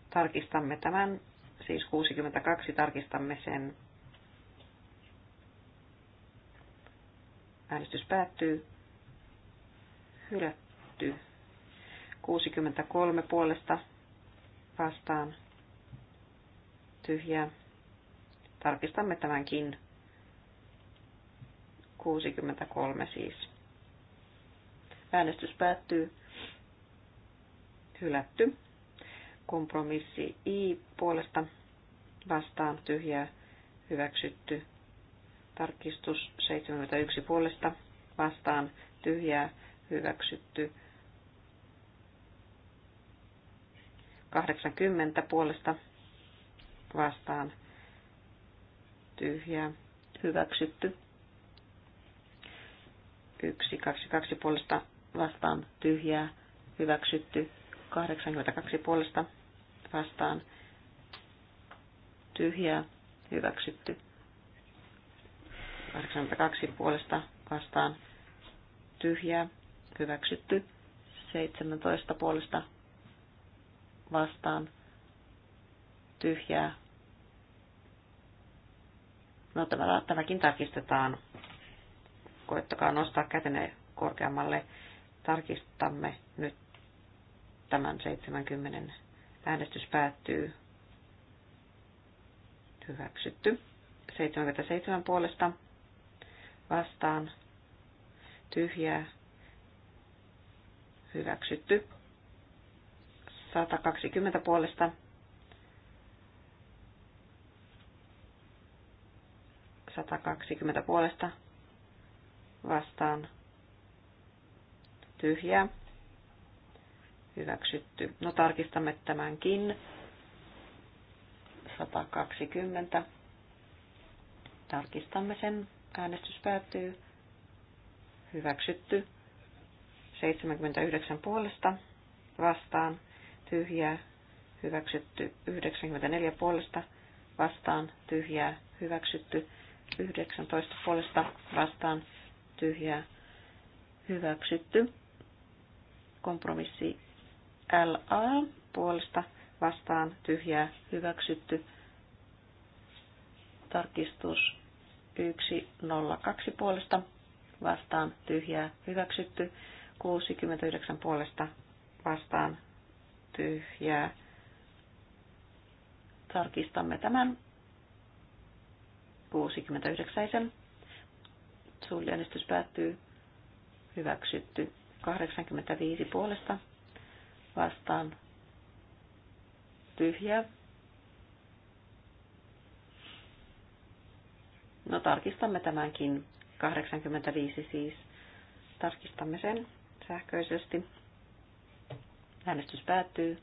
C: tarkistamme tämän, siis 62 tarkistamme sen. Äänestys päättyy. Hylätty. 63 puolesta vastaan tyhjää. Tarkistamme tämänkin. 63 siis. Äänestys päättyy. Hylätty. Kompromissi I puolesta vastaan tyhjää hyväksytty. Tarkistus 71 puolesta vastaan tyhjää hyväksytty. 80 puolesta vastaan tyhjää hyväksytty. yksi kaksi kaksi puolesta vastaan tyhjää hyväksytty. 82 puolesta vastaan tyhjää hyväksytty. 82 puolesta vastaan tyhjää hyväksytty. 17 puolesta vastaan tyhjää. No tämä, tämäkin tarkistetaan. Koettakaa nostaa kätenne korkeammalle. Tarkistamme nyt tämän 70. Äänestys päättyy. Hyväksytty. 77 puolesta vastaan tyhjää hyväksytty. 120 puolesta 120 puolesta vastaan tyhjää. Hyväksytty. No tarkistamme tämänkin. 120. Tarkistamme sen. Äänestys päättyy. Hyväksytty. 79 puolesta vastaan tyhjää. Hyväksytty. 94 puolesta vastaan tyhjää. Hyväksytty. 19 puolesta vastaan tyhjää hyväksytty. Kompromissi LA puolesta vastaan tyhjää hyväksytty. Tarkistus 102 puolesta vastaan tyhjää hyväksytty. 69 puolesta vastaan tyhjää. Tarkistamme tämän 69. Suullinen päättyy. Hyväksytty. 85 puolesta vastaan tyhjä. No tarkistamme tämänkin. 85 siis. Tarkistamme sen sähköisesti. Äänestys päättyy.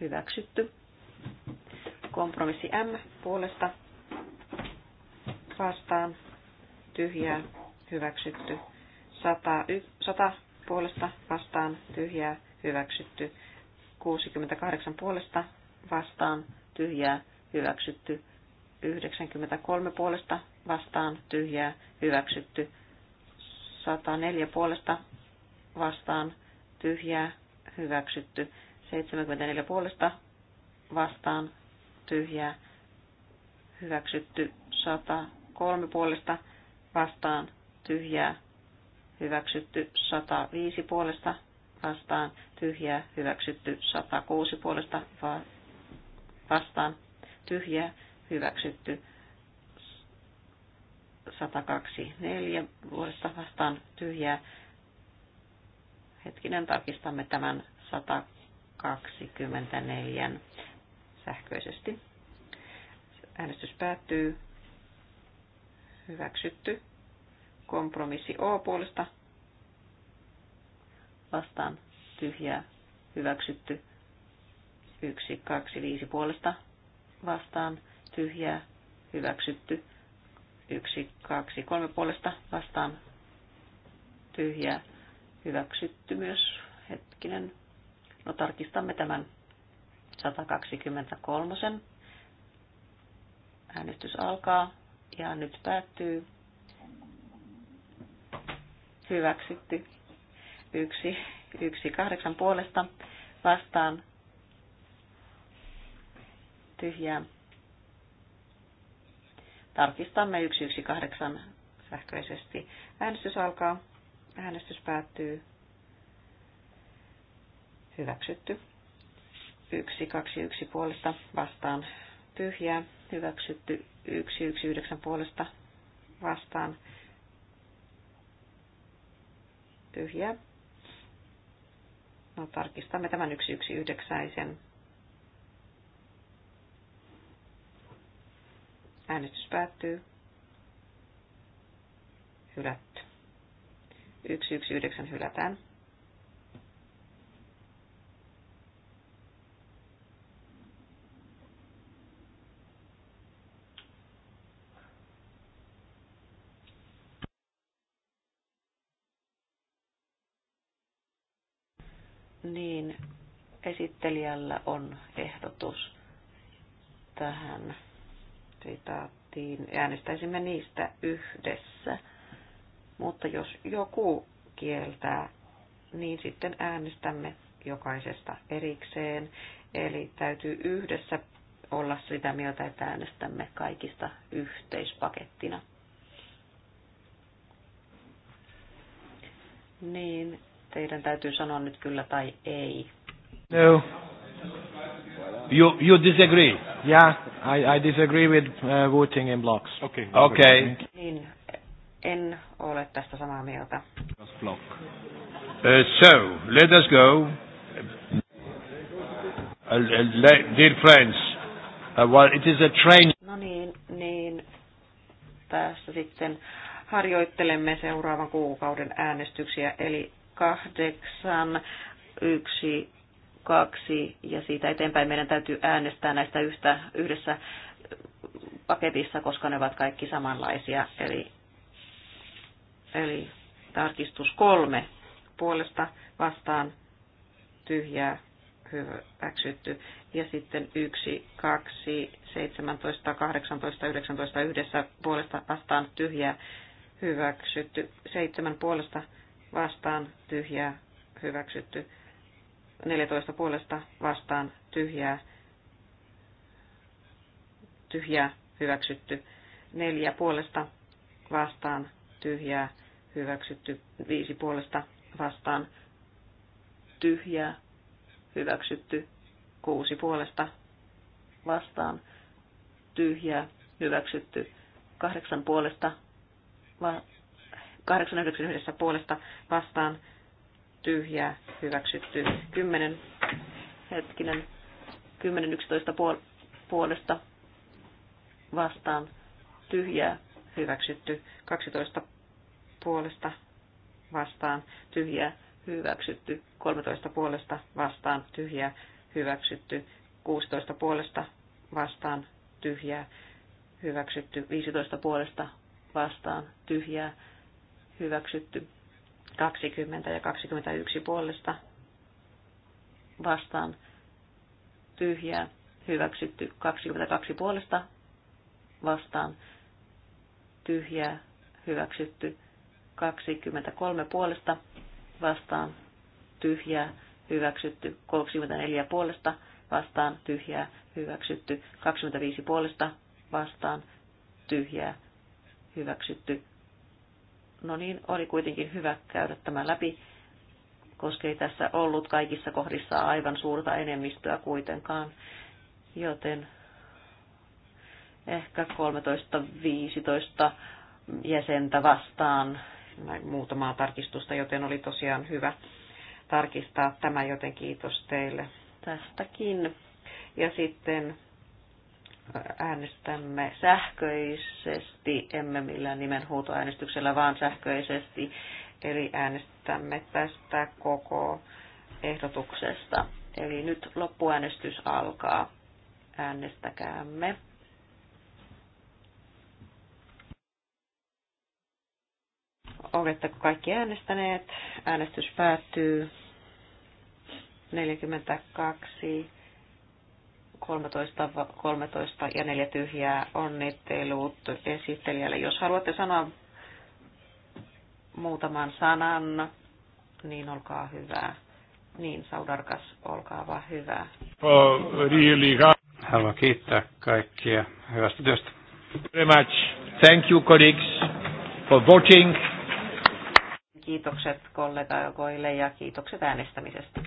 C: Hyväksytty. Kompromissi M puolesta vastaan tyhjää hyväksytty. 100, 100 puolesta vastaan tyhjää hyväksytty. 68 puolesta vastaan tyhjää hyväksytty. 93 puolesta vastaan tyhjää hyväksytty. 104 puolesta vastaan tyhjää hyväksytty. 74 puolesta vastaan tyhjää hyväksytty 103 puolesta vastaan tyhjää hyväksytty 105 puolesta vastaan tyhjää hyväksytty 106 puolesta va- vastaan tyhjää hyväksytty 124 puolesta vastaan tyhjää hetkinen tarkistamme tämän 124 sähköisesti. Äänestys päättyy. Hyväksytty. Kompromissi O puolesta. Vastaan tyhjää. Hyväksytty. 1, 2, 5 puolesta. Vastaan tyhjää. Hyväksytty. 1, 2, 3 puolesta. Vastaan tyhjää. Hyväksytty myös. Hetkinen. No tarkistamme tämän 123. Äänestys alkaa ja nyt päättyy. Hyväksytty. Yksi, yksi kahdeksan puolesta vastaan tyhjää. Tarkistamme 118 sähköisesti. Äänestys alkaa. Äänestys päättyy. Hyväksytty. 1, 2, 1 puolesta vastaan tyhjää, hyväksytty 1, 1, 9 puolesta vastaan tyhjää. No tarkistamme tämän 1, 1, 9. Äänestys päättyy. Hylätty. 119 hylätään. Niin, esittelijällä on ehdotus tähän sitaattiin. Äänestäisimme niistä yhdessä, mutta jos joku kieltää, niin sitten äänestämme jokaisesta erikseen. Eli täytyy yhdessä olla sitä mieltä, että äänestämme kaikista yhteispakettina. Niin Teidän täytyy sanoa nyt kyllä tai ei.
D: No.
A: You, you disagree? Yeah, I, I disagree with uh, voting in blocks. Okay. Okay.
C: Niin, en ole tästä samaa mieltä.
A: Block. Uh, so, let us go. Uh, uh, dear friends, uh, well, it is a train. No niin, niin
C: tässä sitten harjoittelemme seuraavan kuukauden äänestyksiä, eli kahdeksan, yksi, kaksi ja siitä eteenpäin meidän täytyy äänestää näistä yhtä, yhdessä paketissa, koska ne ovat kaikki samanlaisia. Eli, eli tarkistus kolme puolesta vastaan tyhjää hyväksytty. Ja sitten 1, 2, 17, 18, 19 yhdessä puolesta vastaan tyhjää hyväksytty. 7 puolesta vastaan tyhjää hyväksytty. 14 puolesta vastaan tyhjää tyhjää hyväksytty. 4 puolesta vastaan tyhjää hyväksytty. 5 puolesta vastaan tyhjää hyväksytty. 6 puolesta vastaan tyhjää hyväksytty. 8 puolesta va- 891 puolesta vastaan Tyhjä, hyväksytty. 10 hetkinen 10 11 puol- puolesta vastaan Tyhjä, hyväksytty. 12 puolesta vastaan Tyhjä, hyväksytty. 13 puolesta vastaan Tyhjä, hyväksytty. 16 puolesta vastaan Tyhjä, hyväksytty. 15 puolesta vastaan tyhjää hyväksytty 20 ja 21 puolesta vastaan tyhjää hyväksytty 22 puolesta vastaan tyhjää hyväksytty 23 puolesta vastaan tyhjää hyväksytty 34 puolesta vastaan tyhjää hyväksytty 25 puolesta vastaan tyhjää hyväksytty No niin, oli kuitenkin hyvä käydä tämä läpi, koska ei tässä ollut kaikissa kohdissa aivan suurta enemmistöä kuitenkaan, joten ehkä 13-15 jäsentä vastaan muutamaa tarkistusta, joten oli tosiaan hyvä tarkistaa tämä, joten kiitos teille tästäkin. Ja sitten äänestämme sähköisesti, emme millään huutoäänestyksellä, vaan sähköisesti. Eli äänestämme tästä koko ehdotuksesta. Eli nyt loppuäänestys alkaa. Äänestäkäämme. Oletteko kaikki äänestäneet? Äänestys päättyy. 42 13, 13 ja 4 tyhjää. Onnittelut esittelijälle. Jos haluatte sanoa muutaman sanan, niin olkaa hyvä. Niin, Saudarkas, olkaa hyvä.
A: Oh, Haluan kiittää kaikkia hyvästä työstä. Very much. Thank you, colleagues, for voting.
C: Kiitokset kollegoille ja kiitokset äänestämisestä.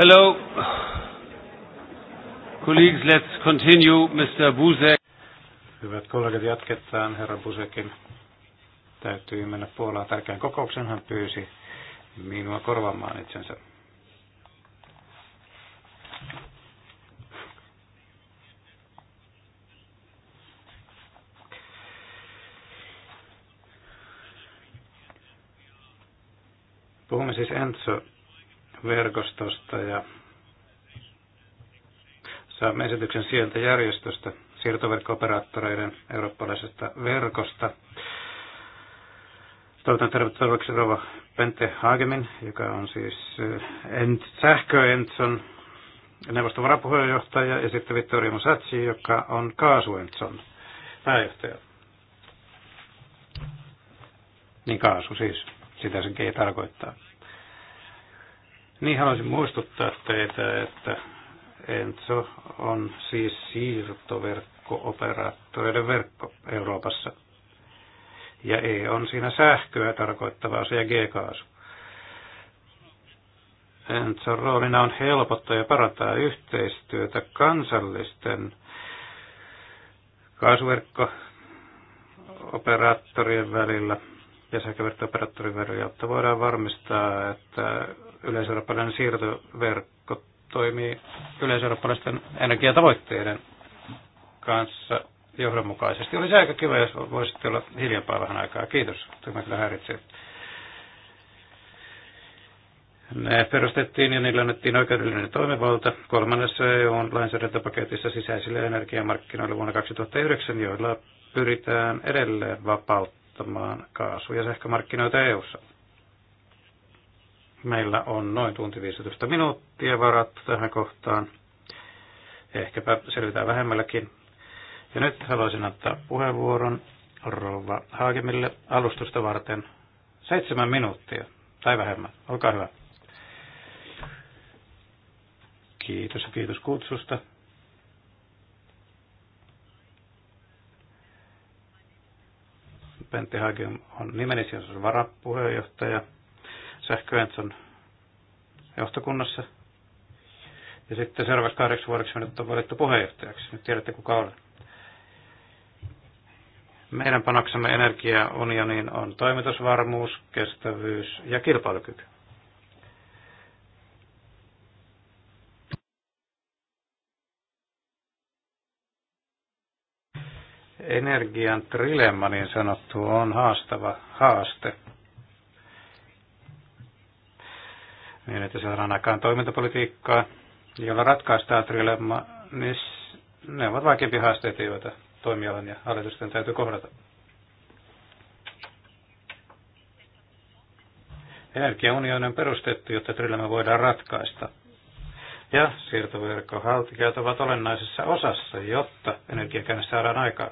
A: Hello. Colleagues, let's continue. Mr. Buzek. Hyvät kollegat, jatketaan. Herra Buzekin täytyy mennä Puolaan tärkeän kokouksen. Hän pyysi minua korvaamaan itsensä. Puhumme siis Enzo verkostosta ja saamme esityksen sieltä järjestöstä, siirtoverkko-operaattoreiden eurooppalaisesta verkosta. Toivotan tervetulleeksi Rova Pente Hagemin, joka on siis eh, Ent, sähköentson neuvoston varapuheenjohtaja, ja sitten Vittorio Musacci, joka on kaasuentson pääjohtaja. Niin kaasu siis, sitä senkin tarkoittaa. Niin haluaisin muistuttaa teitä, että Enzo on siis siirtoverkko-operaattoreiden verkko Euroopassa. Ja E on siinä sähköä tarkoittava osa ja G-kaasu. Enzo roolina on helpottaa ja parantaa yhteistyötä kansallisten kaasuverkko-operaattorien välillä ja sähköverkko-operaattorien välillä, jotta voidaan varmistaa, että yleiseurooppalainen siirtoverkko toimii yleiseurooppalaisten energiatavoitteiden kanssa johdonmukaisesti. Olisi aika kiva, jos voisitte olla hiljempaa vähän aikaa. Kiitos. Tämä kyllä häiritsee. Ne perustettiin ja niillä annettiin oikeudellinen toimivalta kolmannessa eu lainsäädäntöpaketissa sisäisille energiamarkkinoille vuonna 2009, joilla pyritään edelleen vapauttamaan kaasu- ja sähkömarkkinoita EUssa. Meillä on noin tunti 15 minuuttia varattu tähän kohtaan. Ehkäpä selvitään vähemmälläkin. Ja nyt haluaisin antaa puheenvuoron Rova Haakemille alustusta varten. Seitsemän minuuttia tai vähemmän. Olkaa hyvä. Kiitos ja kiitos kutsusta. Pentti Hagen on nimeni, siis varapuheenjohtaja on johtokunnassa. Ja sitten seuraavaksi kahdeksi vuodeksi minut on valittu puheenjohtajaksi. Nyt tiedätte kuka olen. Meidän panoksemme energiaunioniin on toimitusvarmuus, kestävyys ja kilpailukyky. Energian trilemma niin sanottu on haastava haaste niin että saadaan aikaan toimintapolitiikkaa, jolla ratkaistaan trilemma, niin ne ovat vaikeampia haasteita, joita toimialan ja hallitusten täytyy kohdata. Energiaunioni on perustettu, jotta trilemma voidaan ratkaista. Ja siirtoverkkohaltijat ovat olennaisessa osassa, jotta energiakäynne saadaan aikaan.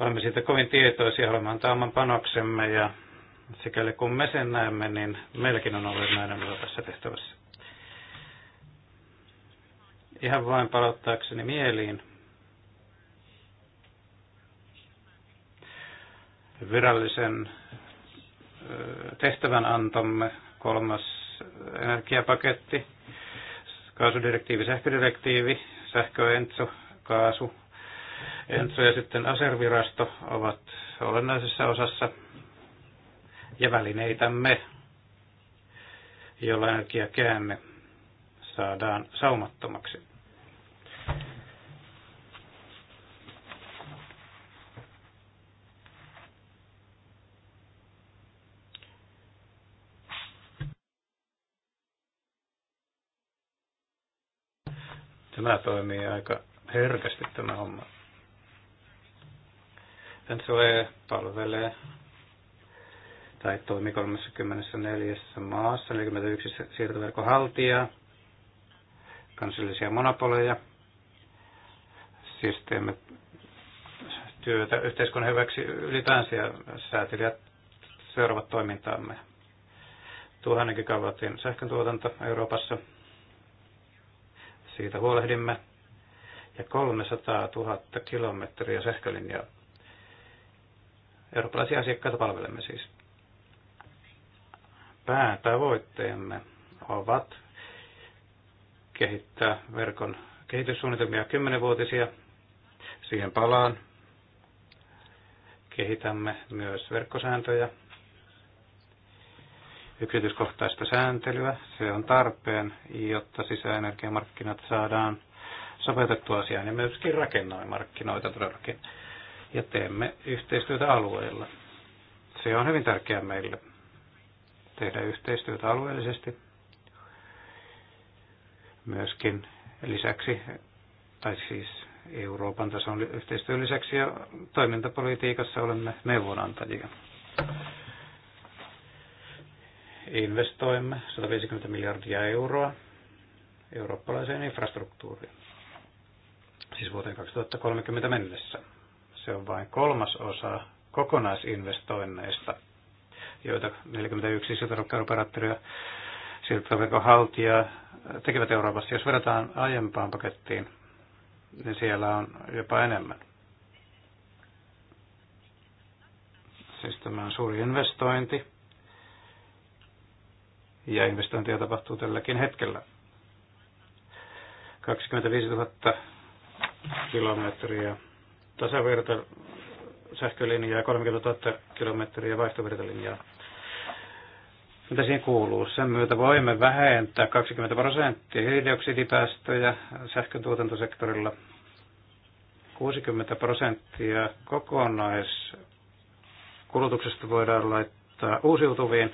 A: Olemme siitä kovin tietoisia, haluamme antaa oman panoksemme ja sikäli kun me sen näemme, niin meilläkin on ollut näiden osa tässä tehtävässä. Ihan vain palauttaakseni mieliin virallisen tehtävän antamme kolmas energiapaketti, kaasudirektiivi, sähködirektiivi, sähköentso, kaasu, Entso ja sitten Aservirasto ovat olennaisessa osassa ja välineitämme, jolla energiakäänne saadaan saumattomaksi. Tämä toimii aika herkästi tämä homma. tulee palvelee tai toimi 34 maassa, 41 siirtoverkohaltijaa, kansallisia monopoleja. Siis teemme työtä yhteiskunnan hyväksi ylipäänsä ja säätelijät seuraavat toimintaamme. Tuhannen gigawatin tuotanto Euroopassa. Siitä huolehdimme. Ja 300 000 kilometriä sähkölinjaa. Eurooppalaisia asiakkaita palvelemme siis päätavoitteemme ovat kehittää verkon kehityssuunnitelmia kymmenenvuotisia. Siihen palaan. Kehitämme myös verkkosääntöjä, yksityiskohtaista sääntelyä. Se on tarpeen, jotta sisäenergiamarkkinat saadaan sopeutettua asiaan ja myöskin rakennamme markkinoita todellakin. Ja teemme yhteistyötä alueilla. Se on hyvin tärkeää meille tehdä yhteistyötä alueellisesti. Myöskin lisäksi, tai siis Euroopan tason yhteistyön lisäksi ja toimintapolitiikassa olemme neuvonantajia. Investoimme 150 miljardia euroa eurooppalaiseen infrastruktuuriin, siis vuoteen 2030 mennessä. Se on vain kolmas osa kokonaisinvestoinneista joita 41 siirtoverkko-operaattoria siirtoverkon haltijaa tekevät Euroopassa. Jos verrataan aiempaan pakettiin, niin siellä on jopa enemmän. Siis tämä on suuri investointi. Ja investointia tapahtuu tälläkin hetkellä. 25 000 kilometriä tasaverta sähkölinjaa 30 000 kilometriä vaihtovirtalinjaa. Mitä siihen kuuluu? Sen myötä voimme vähentää 20 prosenttia hiilidioksidipäästöjä tuotantosektorilla. 60 prosenttia kokonaiskulutuksesta voidaan laittaa uusiutuviin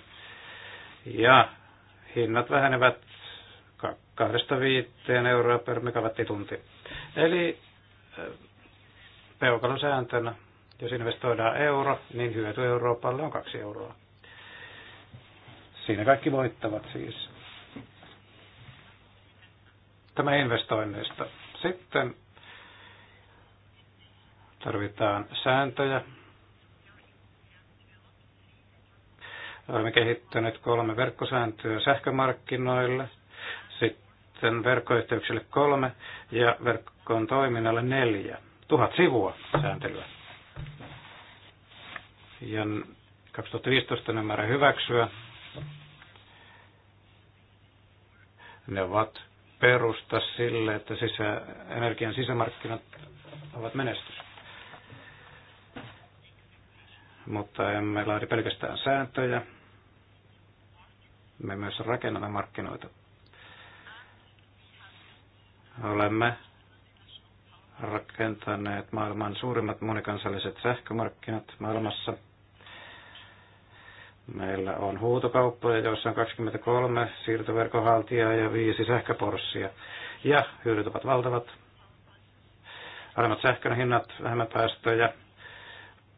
A: ja hinnat vähenevät 2-5 euroa per megawattitunti. Eli äh, peukalosääntönä jos investoidaan euro, niin hyöty Euroopalle on kaksi euroa. Siinä kaikki voittavat siis. Tämä investoinneista. Sitten tarvitaan sääntöjä. Olemme kehittäneet kolme verkkosääntöä sähkömarkkinoille, sitten verkkoyhteyksille kolme ja verkkoon toiminnalle neljä. Tuhat sivua sääntelyä ja 2015 ne määrä hyväksyä. Ne ovat perusta sille, että sisä, energian sisämarkkinat ovat menestys. Mutta emme laadi pelkästään sääntöjä, me myös rakennamme markkinoita. Olemme rakentaneet maailman suurimmat monikansalliset sähkömarkkinat maailmassa – Meillä on huutokauppoja, joissa on 23 siirtoverkonhaltijaa ja viisi sähköporssia. Ja hyödyt ovat valtavat. Alemmat sähkön hinnat, vähemmän päästöjä,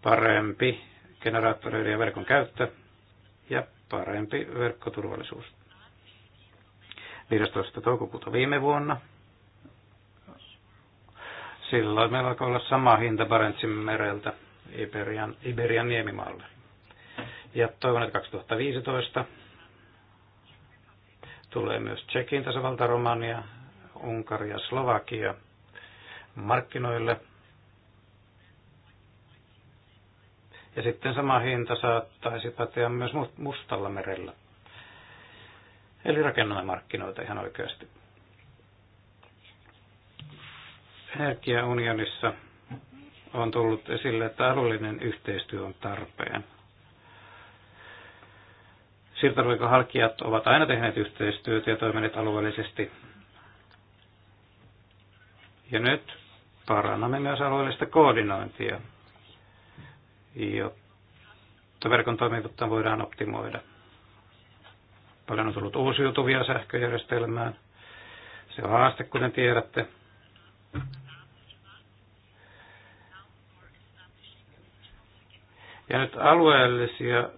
A: parempi generaattoreiden ja verkon käyttö ja parempi verkkoturvallisuus. 15. toukokuuta viime vuonna. Silloin meillä alkoi olla sama hinta Barentsin mereltä Iberian, Iberian niemimaalle. Ja toivon, että 2015 tulee myös Tsekin tasavalta, Romania, Unkari ja Slovakia markkinoille. Ja sitten sama hinta saattaisi päteä myös Mustalla merellä. Eli rakennamme markkinoita ihan oikeasti. Energiaunionissa on tullut esille, että alueellinen yhteistyö on tarpeen siirtoruikahalkijat ovat aina tehneet yhteistyötä ja toimineet alueellisesti. Ja nyt parannamme myös alueellista koordinointia, jotta verkon toimivuutta voidaan optimoida. Paljon on tullut uusiutuvia sähköjärjestelmään. Se on haaste, kuten tiedätte. Ja nyt alueellisia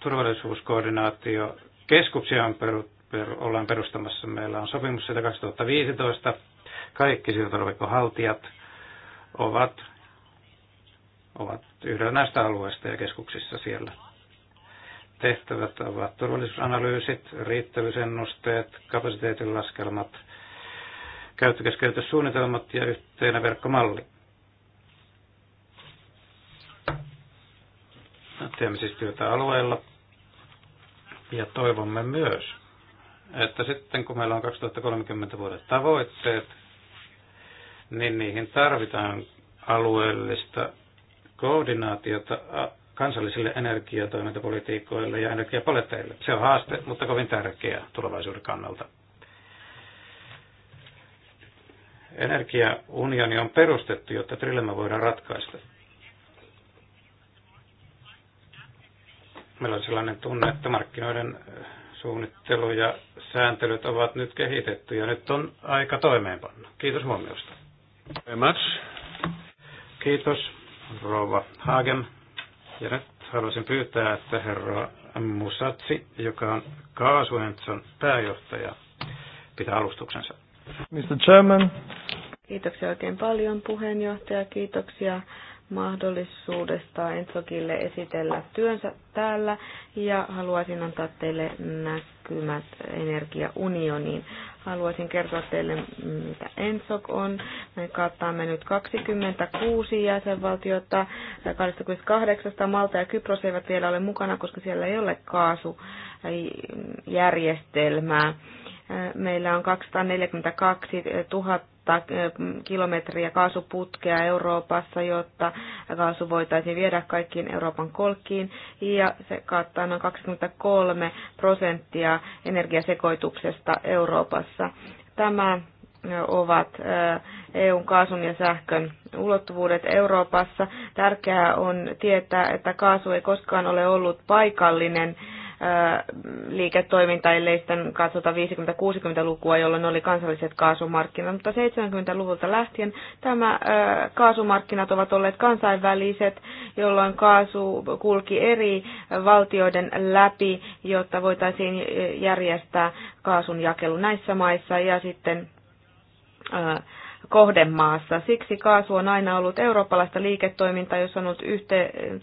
A: turvallisuuskoordinaatio keskuksia on peru, per, ollaan perustamassa. Meillä on sopimus siitä 2015. Kaikki sijoitustarvikkohaltijat ovat, ovat yhdellä näistä alueista ja keskuksissa siellä. Tehtävät ovat turvallisuusanalyysit, riittävyysennusteet, kapasiteetin laskelmat, käyttökeskeytyssuunnitelmat ja yhteinen verkkomalli Teemme siis työtä alueella ja toivomme myös, että sitten kun meillä on 2030 vuoden tavoitteet, niin niihin tarvitaan alueellista koordinaatiota kansallisille energiatoimintapolitiikoille ja energiapaletteille. Se on haaste, mutta kovin tärkeä tulevaisuuden kannalta. Energiaunioni on perustettu, jotta trilemma voidaan ratkaista. Meillä on sellainen tunne, että markkinoiden suunnittelu ja sääntelyt ovat nyt kehitetty ja nyt on aika toimeenpanna. Kiitos huomiosta. Kiitos, rouva Hagen. Ja nyt haluaisin pyytää, että herra Musatsi, joka on Kaasuentson pääjohtaja, pitää alustuksensa. Mr. Chairman.
B: Kiitoksia oikein paljon puheenjohtaja. Kiitoksia mahdollisuudesta Ensokille esitellä työnsä täällä ja haluaisin antaa teille näkymät energiaunioniin. Haluaisin kertoa teille, mitä Ensok on. Me kattaamme nyt 26 jäsenvaltiota, 28 Malta ja Kypros eivät vielä ole mukana, koska siellä ei ole kaasujärjestelmää. Meillä on 242 000 Eh, kilometriä kaasuputkea Euroopassa, jotta kaasu voitaisiin viedä kaikkiin Euroopan kolkkiin. Ja se kattaa noin 23 prosenttia energiasekoituksesta Euroopassa. Tämä eh, ovat eh, EUn kaasun ja sähkön ulottuvuudet Euroopassa. Tärkeää on tietää, että kaasu ei koskaan ole ollut paikallinen liiketoiminta, ellei sitten katsota 50-60-lukua, jolloin oli kansalliset kaasumarkkinat. Mutta 70-luvulta lähtien tämä kaasumarkkinat ovat olleet kansainväliset, jolloin kaasu kulki eri valtioiden läpi, jotta voitaisiin järjestää kaasun jakelu näissä maissa ja sitten kohdemaassa. Siksi kaasu on aina ollut eurooppalaista liiketoimintaa, jos on ollut yhteen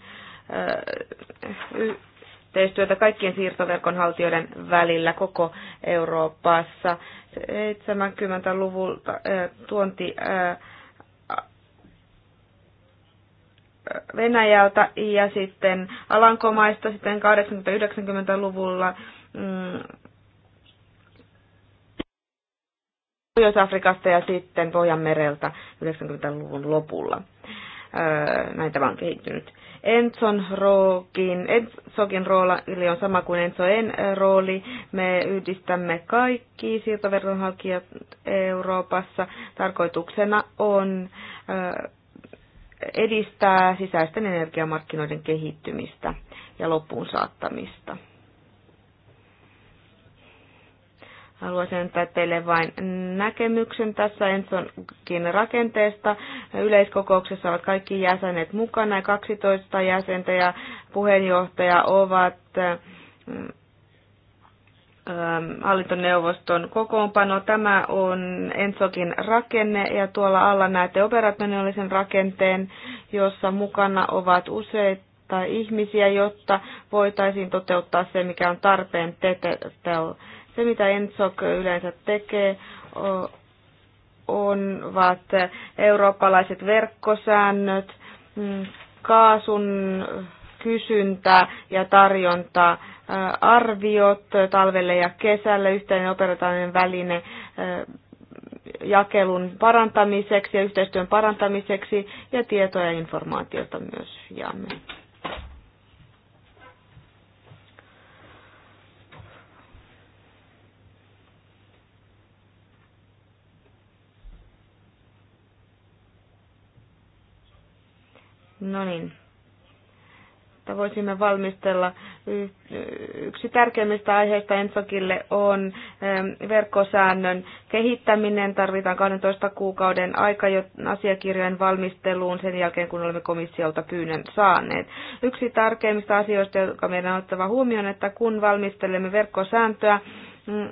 B: yhteistyötä kaikkien siirtoverkon haltijoiden välillä koko Euroopassa. 70-luvulta tuonti Venäjältä ja sitten Alankomaista sitten 80-90-luvulla mm, Pohjois-Afrikasta ja sitten Pohjanmereltä 90-luvun lopulla. Näin tämä on kehittynyt. Enson rookin, Ensokin rooli on sama kuin Ensoen rooli. Me yhdistämme kaikki siirtoverkonhakijat Euroopassa. Tarkoituksena on äh, edistää sisäisten energiamarkkinoiden kehittymistä ja loppuun saattamista. Haluaisin antaa teille vain näkemyksen tässä Ensonkin rakenteesta. Yleiskokouksessa ovat kaikki jäsenet mukana ja 12 jäsentä ja puheenjohtaja ovat ähm, hallintoneuvoston kokoonpano. Tämä on Ensokin rakenne ja tuolla alla näette operationaalisen rakenteen, jossa mukana ovat useita ihmisiä, jotta voitaisiin toteuttaa se, mikä on tarpeen toteuttaa se, mitä Enzok yleensä tekee, on vaat eurooppalaiset verkkosäännöt, mm, kaasun kysyntä ja tarjonta arviot talvelle ja kesälle, yhteinen operatiivinen väline jakelun parantamiseksi ja yhteistyön parantamiseksi ja tietoja ja informaatiota myös jaamme. No niin. voisimme valmistella. Yksi tärkeimmistä aiheista Ensokille on ähm, verkkosäännön kehittäminen. Tarvitaan 12 kuukauden aika jo asiakirjojen valmisteluun sen jälkeen, kun olemme komissiolta pyynnön saaneet. Yksi tärkeimmistä asioista, joka meidän on ottava huomioon, että kun valmistelemme verkkosääntöä, mm,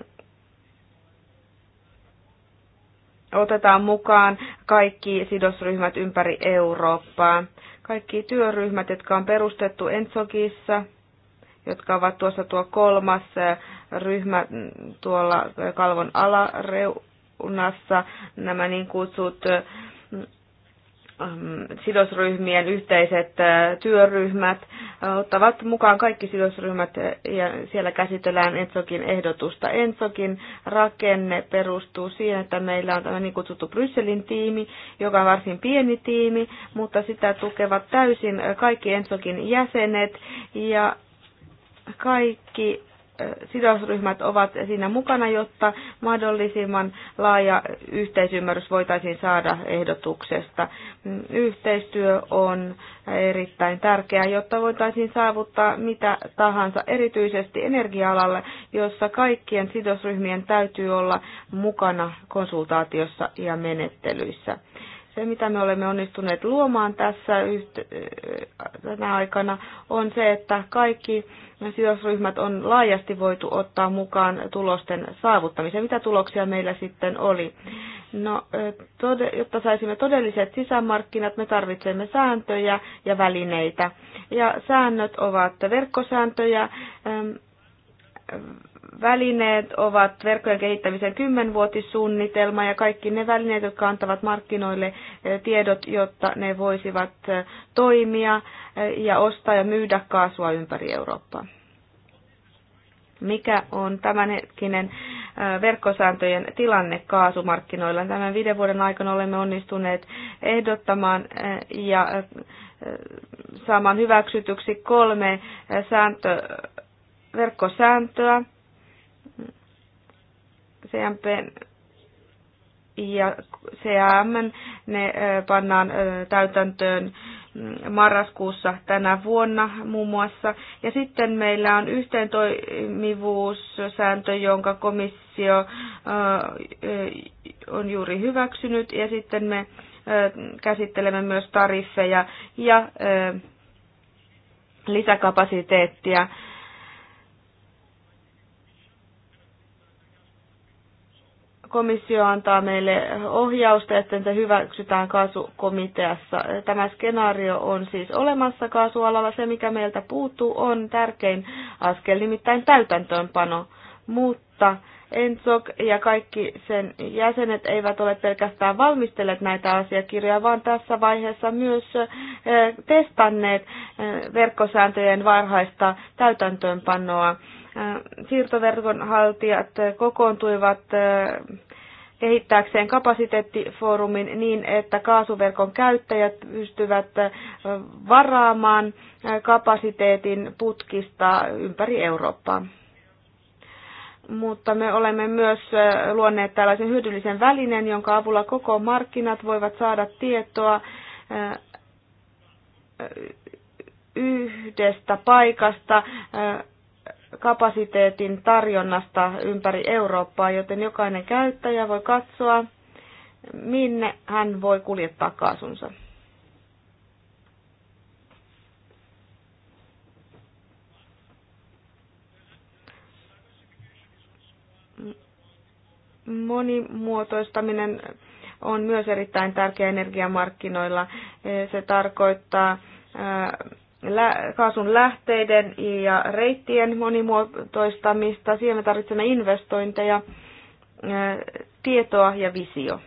B: otetaan mukaan kaikki sidosryhmät ympäri Eurooppaa. Kaikki työryhmät, jotka on perustettu Ensokissa, jotka ovat tuossa tuo kolmas ryhmä mm, tuolla kalvon alareunassa, nämä niin kutsut Ähm, sidosryhmien yhteiset äh, työryhmät äh, ottavat mukaan kaikki sidosryhmät äh, ja siellä käsitellään Ensokin ehdotusta. Ensokin rakenne perustuu siihen, että meillä on tämä niin kutsuttu Brysselin tiimi, joka on varsin pieni tiimi, mutta sitä tukevat täysin kaikki Ensokin jäsenet ja kaikki sidosryhmät ovat siinä mukana, jotta mahdollisimman laaja yhteisymmärrys voitaisiin saada ehdotuksesta. Yhteistyö on erittäin tärkeää, jotta voitaisiin saavuttaa mitä tahansa, erityisesti energia-alalle, jossa kaikkien sidosryhmien täytyy olla mukana konsultaatiossa ja menettelyissä. Se, mitä me olemme onnistuneet luomaan tässä tänä aikana, on se, että kaikki sidosryhmät on laajasti voitu ottaa mukaan tulosten saavuttamiseen. Mitä tuloksia meillä sitten oli? No, tode, jotta saisimme todelliset sisämarkkinat, me tarvitsemme sääntöjä ja välineitä. Ja säännöt ovat verkkosääntöjä, välineet ovat verkkojen kehittämisen kymmenvuotissuunnitelma ja kaikki ne välineet, jotka antavat markkinoille eh, tiedot, jotta ne voisivat eh, toimia eh, ja ostaa ja myydä kaasua ympäri Eurooppaa. Mikä on tämänhetkinen verkkosääntöjen tilanne kaasumarkkinoilla? Tämän viiden vuoden aikana olemme onnistuneet ehdottamaan ja saamaan hyväksytyksi kolme sääntö, verkkosääntöä. CMP ja CAM ne pannaan täytäntöön mm, marraskuussa tänä vuonna muun muassa. Ja sitten meillä on yhteen toimivuussääntö, jonka komissio on juuri hyväksynyt. Ja sitten me käsittelemme myös tariffeja ja lisäkapasiteettia komissio antaa meille ohjausta, että se hyväksytään kaasukomiteassa. Tämä skenaario on siis olemassa kaasualalla. Se, mikä meiltä puuttuu, on tärkein askel, nimittäin täytäntöönpano. Mutta ENSOK ja kaikki sen jäsenet eivät ole pelkästään valmistelleet näitä asiakirjoja, vaan tässä vaiheessa myös eh, testanneet eh, verkkosääntöjen varhaista täytäntöönpanoa siirtoverkon haltijat kokoontuivat kehittääkseen kapasiteettifoorumin niin, että kaasuverkon käyttäjät pystyvät varaamaan kapasiteetin putkista ympäri Eurooppaa. Mutta me olemme myös luonneet tällaisen hyödyllisen välinen, jonka avulla koko markkinat voivat saada tietoa yhdestä paikasta kapasiteetin tarjonnasta ympäri Eurooppaa, joten jokainen käyttäjä voi katsoa, minne hän voi kuljettaa kaasunsa. Monimuotoistaminen on myös erittäin tärkeä energiamarkkinoilla. Se tarkoittaa kaasun lähteiden ja reittien monimuotoistamista. Siihen me tarvitsemme investointeja, tietoa ja visio.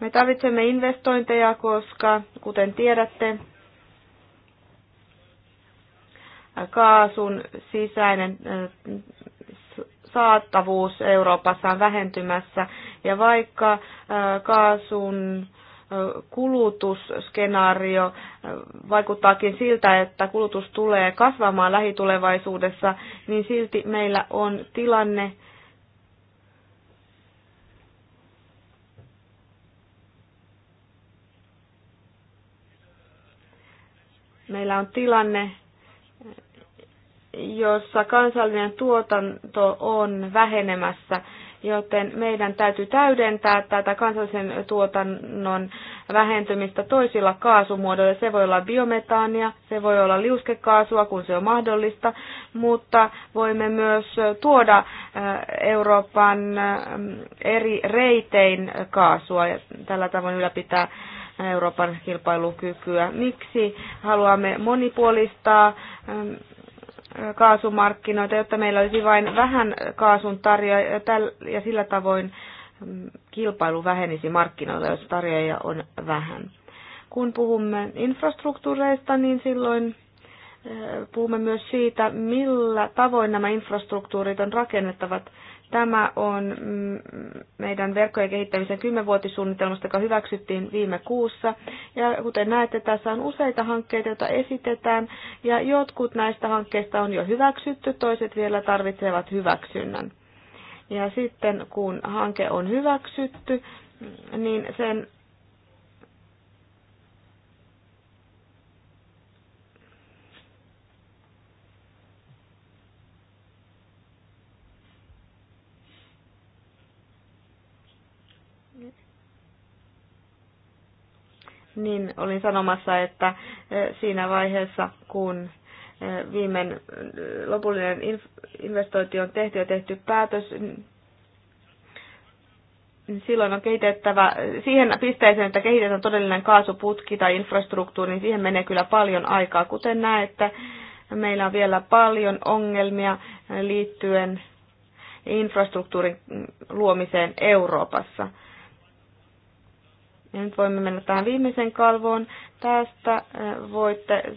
B: Me tarvitsemme investointeja, koska kuten tiedätte, kaasun sisäinen saatavuus Euroopassa on vähentymässä ja vaikka kaasun kulutusskenaario vaikuttaakin siltä, että kulutus tulee kasvamaan lähitulevaisuudessa, niin silti meillä on tilanne, meillä on tilanne, jossa kansallinen tuotanto on vähenemässä joten meidän täytyy täydentää tätä kansallisen tuotannon vähentymistä toisilla kaasumuodoilla. Se voi olla biometaania, se voi olla liuskekaasua, kun se on mahdollista, mutta voimme myös tuoda äh, Euroopan äh, eri reitein kaasua ja tällä tavoin ylläpitää Euroopan kilpailukykyä. Miksi haluamme monipuolistaa ähm, kaasumarkkinoita, jotta meillä olisi vain vähän kaasun tarjoajia ja sillä tavoin mm, kilpailu vähenisi markkinoilla, jos tarjoajia on vähän. Kun puhumme infrastruktuureista, niin silloin eh, puhumme myös siitä, millä tavoin nämä infrastruktuurit on rakennettavat Tämä on mm, meidän verkkojen kehittämisen kymmenvuotissuunnitelmasta, joka hyväksyttiin viime kuussa. Ja kuten näette, tässä on useita hankkeita, joita esitetään, ja jotkut näistä hankkeista on jo hyväksytty, toiset vielä tarvitsevat hyväksynnän. Ja sitten kun hanke on hyväksytty, niin sen niin olin sanomassa, että eh, siinä vaiheessa, kun eh, viimein eh, lopullinen investointi on tehty ja tehty päätös, niin silloin on kehitettävä, siihen pisteeseen, että kehitetään todellinen kaasuputki tai infrastruktuuri, niin siihen menee kyllä paljon aikaa. Kuten näette, meillä on vielä paljon ongelmia liittyen infrastruktuurin luomiseen Euroopassa. Ja nyt voimme mennä tähän viimeiseen kalvoon. Tästä äh, voitte äh,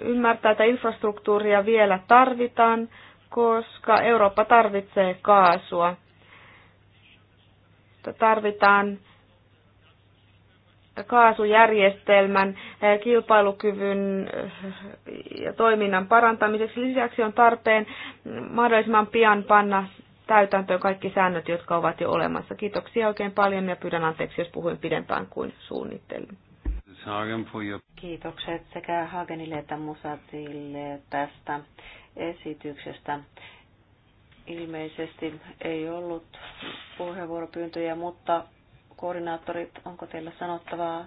B: ymmärtää, että infrastruktuuria vielä tarvitaan, koska Eurooppa tarvitsee kaasua. Tarvitaan kaasujärjestelmän äh, kilpailukyvyn ja toiminnan parantamiseksi. Lisäksi on tarpeen mahdollisimman pian panna täytäntöön kaikki säännöt, jotka ovat jo olemassa. Kiitoksia oikein paljon ja
C: pyydän anteeksi, jos puhuin pidempään kuin suunnittelin.
A: Kiitokset
C: sekä Hagenille että Musatille tästä esityksestä. Ilmeisesti ei ollut puheenvuoropyyntöjä, mutta koordinaattorit, onko teillä sanottavaa,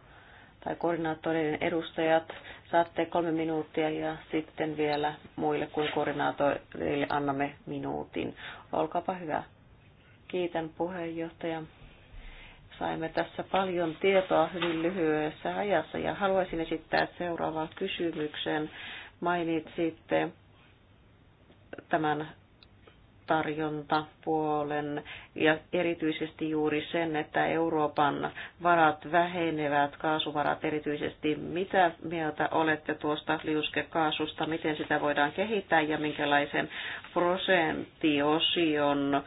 C: tai koordinaattorien edustajat, Saatte kolme minuuttia ja sitten vielä muille kuin koordinaatoille annamme minuutin. Olkaapa hyvä. Kiitän puheenjohtaja. Saimme tässä paljon tietoa hyvin lyhyessä ajassa ja haluaisin esittää seuraavan kysymyksen. Mainitsitte tämän tarjontapuolen ja erityisesti juuri sen, että Euroopan varat vähenevät, kaasuvarat erityisesti. Mitä mieltä olette tuosta liuskekaasusta, miten sitä voidaan kehittää ja minkälaisen prosenttiosion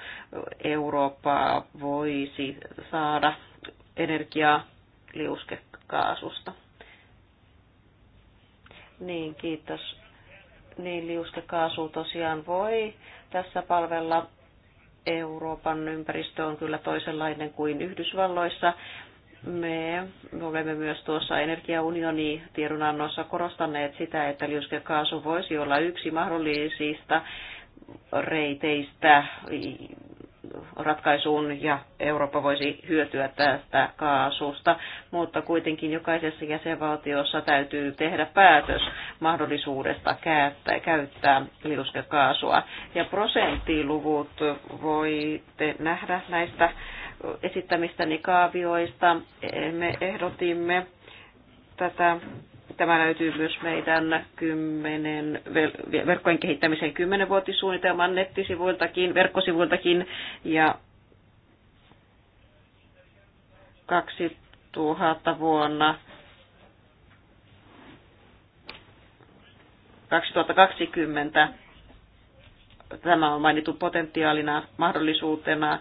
C: Eurooppa voisi saada energiaa liuskekaasusta? Niin, kiitos. Niin, liuskekaasu tosiaan voi tässä palvella. Euroopan ympäristö on kyllä toisenlainen kuin Yhdysvalloissa. Me olemme myös tuossa energiaunioni tiedonannossa korostaneet sitä, että liuskekaasu voisi olla yksi mahdollisista reiteistä ratkaisuun ja Eurooppa voisi hyötyä tästä kaasusta, mutta kuitenkin jokaisessa jäsenvaltiossa täytyy tehdä päätös mahdollisuudesta käyttää, käyttää liuskekaasua. Ja prosenttiluvut voitte nähdä näistä esittämistäni kaavioista. Me ehdotimme tätä Tämä löytyy myös meidän 10, verkkojen kehittämisen 10-vuotissuunnitelman nettisivuiltakin, verkkosivuiltakin ja 2000 vuonna 2020 tämä on mainittu potentiaalina mahdollisuutena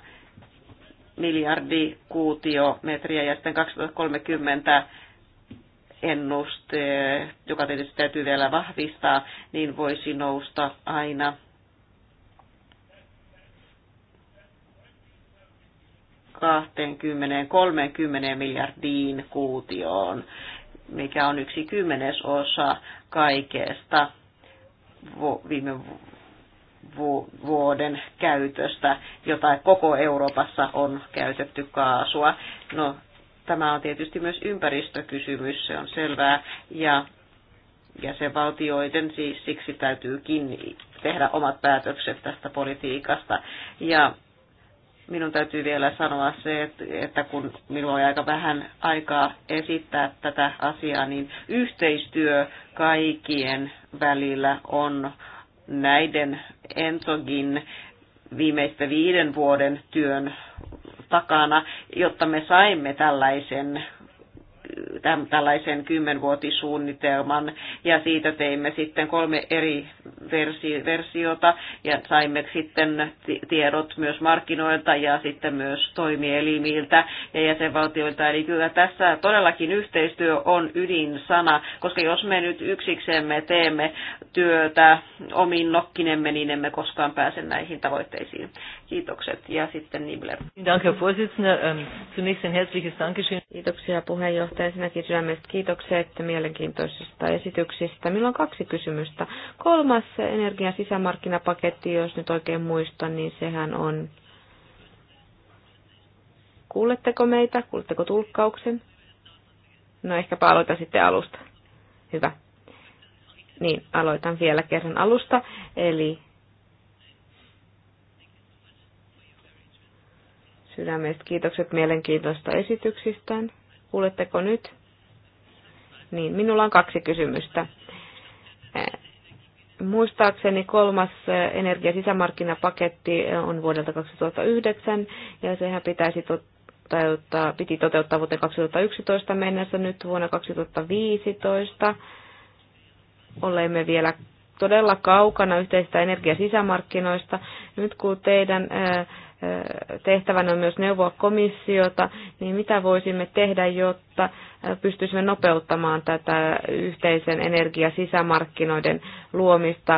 C: miljardi kuutiometriä ja sitten 2030 ennuste, joka tietysti täytyy vielä vahvistaa, niin voisi nousta aina kahteen kymmeneen miljardiin kuutioon, mikä on yksi kymmenesosa kaikesta viime vuoden käytöstä, jota koko Euroopassa on käytetty kaasua. No, Tämä on tietysti myös ympäristökysymys, se on selvää, ja jäsenvaltioiden siis siksi täytyykin tehdä omat päätökset tästä politiikasta. Ja minun täytyy vielä sanoa se, että kun minulla on aika vähän aikaa esittää tätä asiaa, niin yhteistyö kaikkien välillä on näiden Entogin viimeisten viiden vuoden työn takana, jotta me saimme tällaisen tällaisen kymmenvuotisuunnitelman ja siitä teimme sitten kolme eri versi- versiota ja saimme sitten tiedot myös markkinoilta ja sitten myös toimielimiltä ja jäsenvaltioilta. Eli kyllä tässä todellakin yhteistyö on ydinsana, koska jos me nyt yksiksemme teemme työtä omin nokkinemme, niin emme koskaan pääse näihin tavoitteisiin. Kiitokset ja sitten Nibler.
D: Danke, Vorsitzender. Ähm, zunächst ein
B: herzliches Dankeschön. Kiitoksia puheenjohtaja. Ensinnäkin sydämestä kiitokset mielenkiintoisista esityksistä. Minulla on kaksi kysymystä. Kolmas energian sisämarkkinapaketti, jos nyt oikein muistan, niin sehän on... Kuuletteko meitä? Kuuletteko tulkkauksen? No ehkäpä aloitan sitten alusta. Hyvä. Niin, aloitan vielä kerran alusta. Eli Sydämestä kiitokset mielenkiintoista esityksistään. Kuuletteko nyt? Niin, minulla on kaksi kysymystä. Eh, muistaakseni kolmas eh, energia- sisämarkkinapaketti eh, on vuodelta 2009 ja sehän pitäisi toteuttaa, piti toteuttaa vuoteen 2011 mennessä nyt vuonna 2015. Olemme vielä todella kaukana yhteisistä energiasisämarkkinoista. Nyt kun teidän ää, tehtävänä on myös neuvoa komissiota, niin mitä voisimme tehdä, jotta pystyisimme nopeuttamaan tätä yhteisen energia sisämarkkinoiden luomista.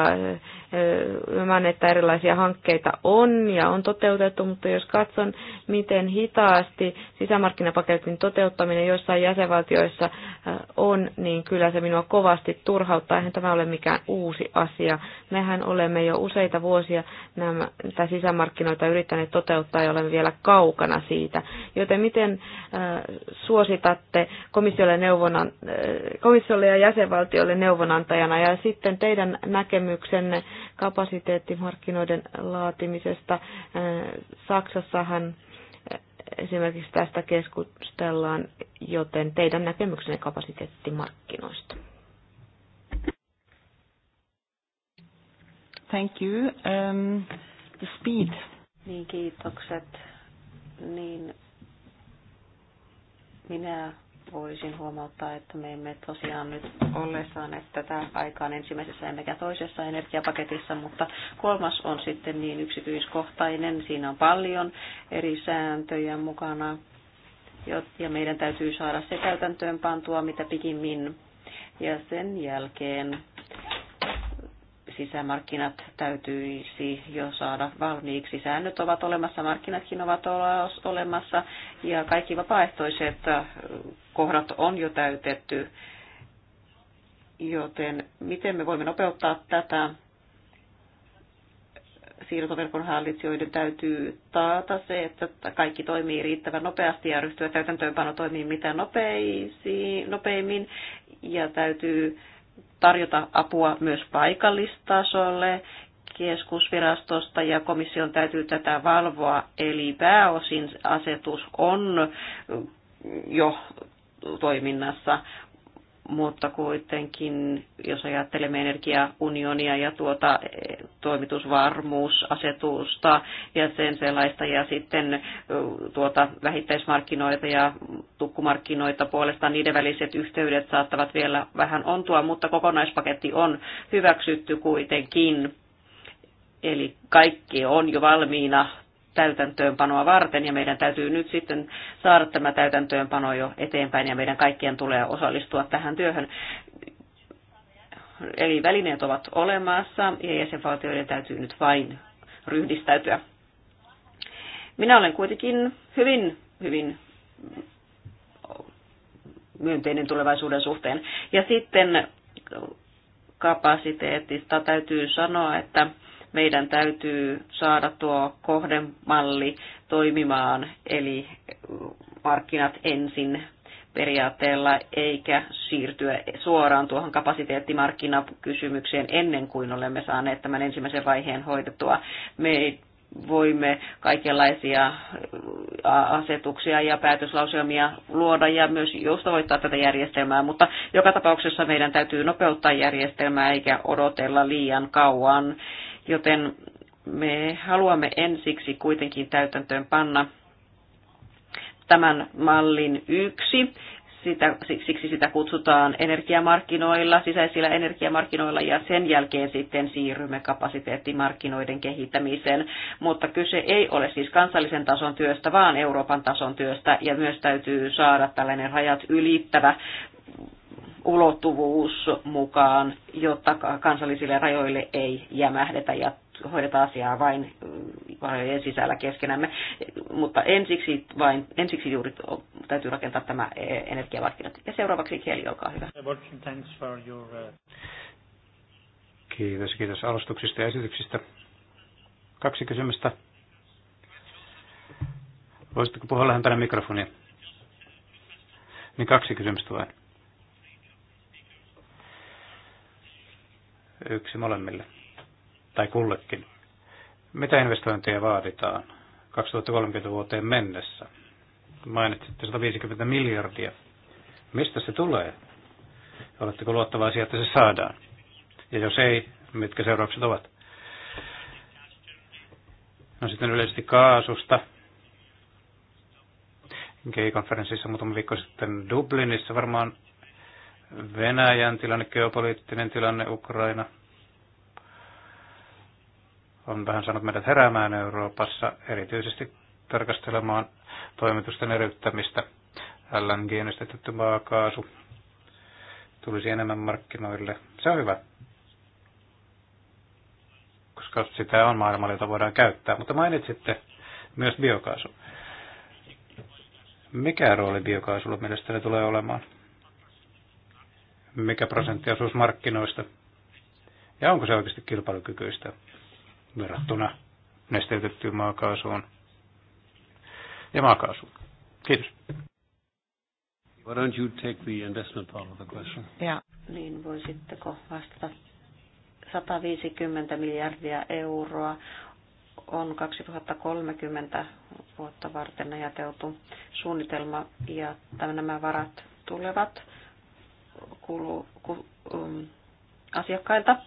B: Ymmärrän, että erilaisia hankkeita on ja on toteutettu, mutta jos katson, miten hitaasti sisämarkkinapaketin toteuttaminen joissain jäsenvaltioissa on, niin kyllä se minua kovasti turhauttaa. Eihän tämä ole mikään uusi asia. Mehän olemme jo useita vuosia nämä, sisämarkkinoita yrittäneet toteuttaa ja olemme vielä kaukana siitä. Joten miten äh, suositatte komissiolle, neuvonan, äh, komissiolle ja jäsenvaltiolle neuvonantajana ja sitten teidän näkemyksenne kapasiteettimarkkinoiden laatimisesta? Äh, Saksassahan esimerkiksi tästä keskustellaan, joten teidän näkemyksenne kapasiteettimarkkinoista.
C: Thank you. Um, the speed. Niin, kiitokset. Niin minä voisin huomauttaa, että me emme tosiaan nyt ole saaneet tätä aikaan ensimmäisessä emmekä toisessa energiapaketissa, mutta kolmas on sitten niin yksityiskohtainen. Siinä on paljon eri sääntöjä mukana ja meidän täytyy saada se käytäntöön pantua mitä pikimmin. Ja sen jälkeen sisämarkkinat täytyisi jo saada valmiiksi. Säännöt ovat olemassa, markkinatkin ovat olemassa ja kaikki vapaaehtoiset äh, kohdat on jo täytetty. Joten miten me voimme nopeuttaa tätä? Siirtoverkon hallitsijoiden täytyy taata se, että kaikki toimii riittävän nopeasti ja ryhtyä täytäntöönpano toimii mitä nopeisiin, nopeimmin ja täytyy tarjota apua myös paikallistasolle keskusvirastosta ja komission täytyy tätä valvoa. Eli pääosin asetus on jo toiminnassa, mutta kuitenkin, jos ajattelemme energiaunionia ja tuota e, toimitusvarmuusasetusta ja sen sellaista, ja sitten tuota vähittäismarkkinoita ja tukkumarkkinoita puolestaan, niiden väliset yhteydet saattavat vielä vähän ontua, mutta kokonaispaketti on hyväksytty kuitenkin. Eli kaikki on jo valmiina täytäntöönpanoa varten ja meidän täytyy nyt sitten saada tämä täytäntöönpano jo eteenpäin ja meidän kaikkien tulee osallistua tähän työhön. Eli välineet ovat olemassa ja jäsenvaltioiden täytyy nyt vain ryhdistäytyä. Minä olen kuitenkin hyvin, hyvin myönteinen tulevaisuuden suhteen. Ja sitten kapasiteetista täytyy sanoa, että meidän täytyy saada tuo kohdemalli toimimaan, eli markkinat ensin periaatteella, eikä siirtyä suoraan tuohon kapasiteettimarkkinakysymykseen ennen kuin olemme saaneet tämän ensimmäisen vaiheen hoitettua. Me voimme kaikenlaisia asetuksia ja päätöslauselmia luoda ja myös joustavoittaa tätä järjestelmää, mutta joka tapauksessa meidän täytyy nopeuttaa järjestelmää eikä odotella liian kauan Joten me haluamme ensiksi kuitenkin täytäntöön panna tämän mallin yksi. Sitä, siksi sitä kutsutaan energiamarkkinoilla, sisäisillä energiamarkkinoilla ja sen jälkeen sitten siirrymme kapasiteettimarkkinoiden kehittämiseen. Mutta kyse ei ole siis kansallisen tason työstä, vaan Euroopan tason työstä ja myös täytyy saada tällainen rajat ylittävä ulottuvuus mukaan, jotta kansallisille rajoille ei jämähdetä ja hoideta asiaa vain äh, rajojen sisällä keskenämme. Mutta ensiksi, vain, ensiksi juuri täytyy rakentaa tämä eh, energiamarkkinat. Ja seuraavaksi Keli, olkaa hyvä.
A: Kiitos, kiitos alustuksista ja esityksistä. Kaksi kysymystä. Voisitko puhua lähempänä mikrofonia? Niin kaksi kysymystä vain. Yksi molemmille. Tai kullekin. Mitä investointeja vaaditaan 2030 vuoteen mennessä? Mainitsitte 150 miljardia. Mistä se tulee? Oletteko luottavaisia, että se saadaan? Ja jos ei, mitkä seuraukset ovat? No sitten yleisesti kaasusta. G-konferenssissa muutama viikko sitten Dublinissa varmaan Venäjän tilanne, geopoliittinen tilanne, Ukraina on vähän saanut meidät heräämään Euroopassa, erityisesti tarkastelemaan toimitusten eriyttämistä. LNG nestetetty maakaasu tulisi enemmän markkinoille. Se on hyvä, koska sitä on maailmalla, jota voidaan käyttää. Mutta mainitsitte myös biokaasu. Mikä rooli biokaasulla mielestäni tulee olemaan? mikä prosenttiosuus markkinoista ja onko se oikeasti kilpailukykyistä verrattuna nesteytettyyn maakaasuun ja maakaasuun. Kiitos. Why don't you take the investment part of the question?
C: Ja, niin voisitteko vastata? 150 miljardia euroa on 2030 vuotta varten ajateltu suunnitelma ja nämä varat tulevat kulu, ku, um, asiakkailta.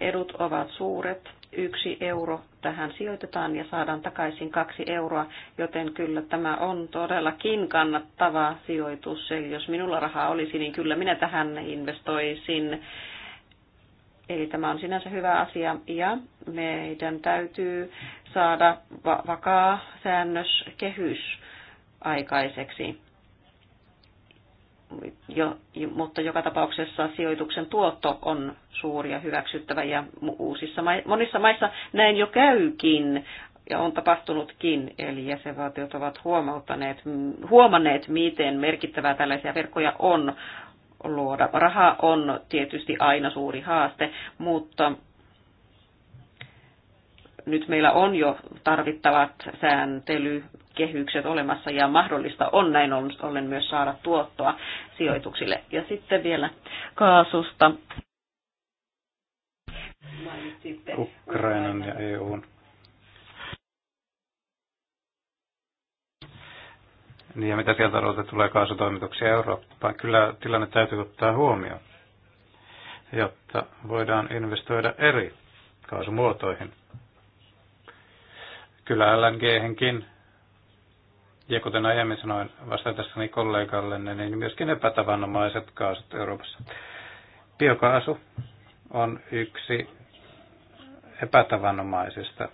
C: Edut ovat suuret. Yksi euro tähän sijoitetaan ja saadaan takaisin kaksi euroa, joten kyllä tämä on todellakin kannattava sijoitus. Eli jos minulla rahaa olisi, niin kyllä minä tähän investoisin. Eli tämä on sinänsä hyvä asia ja meidän täytyy saada va- vakaa säännöskehys aikaiseksi jo, mutta joka tapauksessa sijoituksen tuotto on suuri ja hyväksyttävä ja uusissa, monissa maissa näin jo käykin ja on tapahtunutkin, eli jäsenvaltiot ovat huomauttaneet, huomanneet, miten merkittävää tällaisia verkkoja on luoda. Raha on tietysti aina suuri haaste, mutta nyt meillä on jo tarvittavat sääntely, kehykset olemassa ja mahdollista on näin ollen myös saada tuottoa sijoituksille. Ja sitten vielä
A: kaasusta. Ukrainan ja EUn. Niin ja mitä sieltä odotetaan tulee kaasutoimituksia Eurooppaan? Kyllä tilanne täytyy ottaa huomioon, jotta voidaan investoida eri kaasumuotoihin. Kyllä LNG-henkin ja kuten aiemmin sanoin vastatessani kollegalle, niin myöskin epätavanomaiset kaasut Euroopassa. Biokaasu on yksi epätavanomaisista,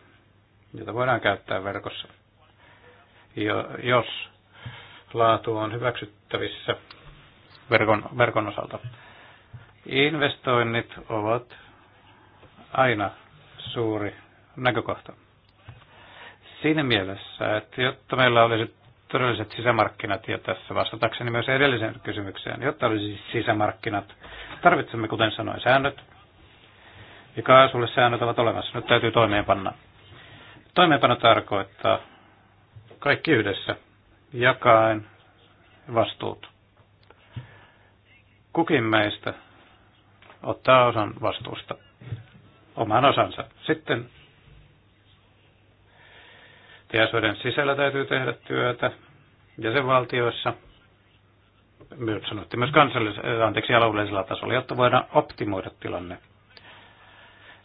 A: jota voidaan käyttää verkossa, jo, jos laatu on hyväksyttävissä verkon, verkon osalta. Investoinnit ovat aina suuri näkökohta. Siinä mielessä, että jotta meillä olisi todelliset sisämarkkinat, ja tässä vastatakseni myös edelliseen kysymykseen, jotta olisi sisämarkkinat, tarvitsemme, kuten sanoin, säännöt, ja kaasulle säännöt ovat olemassa. Nyt täytyy toimeenpanna. Toimeenpano tarkoittaa kaikki yhdessä, jakaen vastuut. Kukin meistä ottaa osan vastuusta, oman osansa. Sitten TSOiden sisällä täytyy tehdä työtä jäsenvaltioissa, myös sanottiin myös kansallis- eh, anteeksi, alueellisella tasolla, jotta voidaan optimoida tilanne.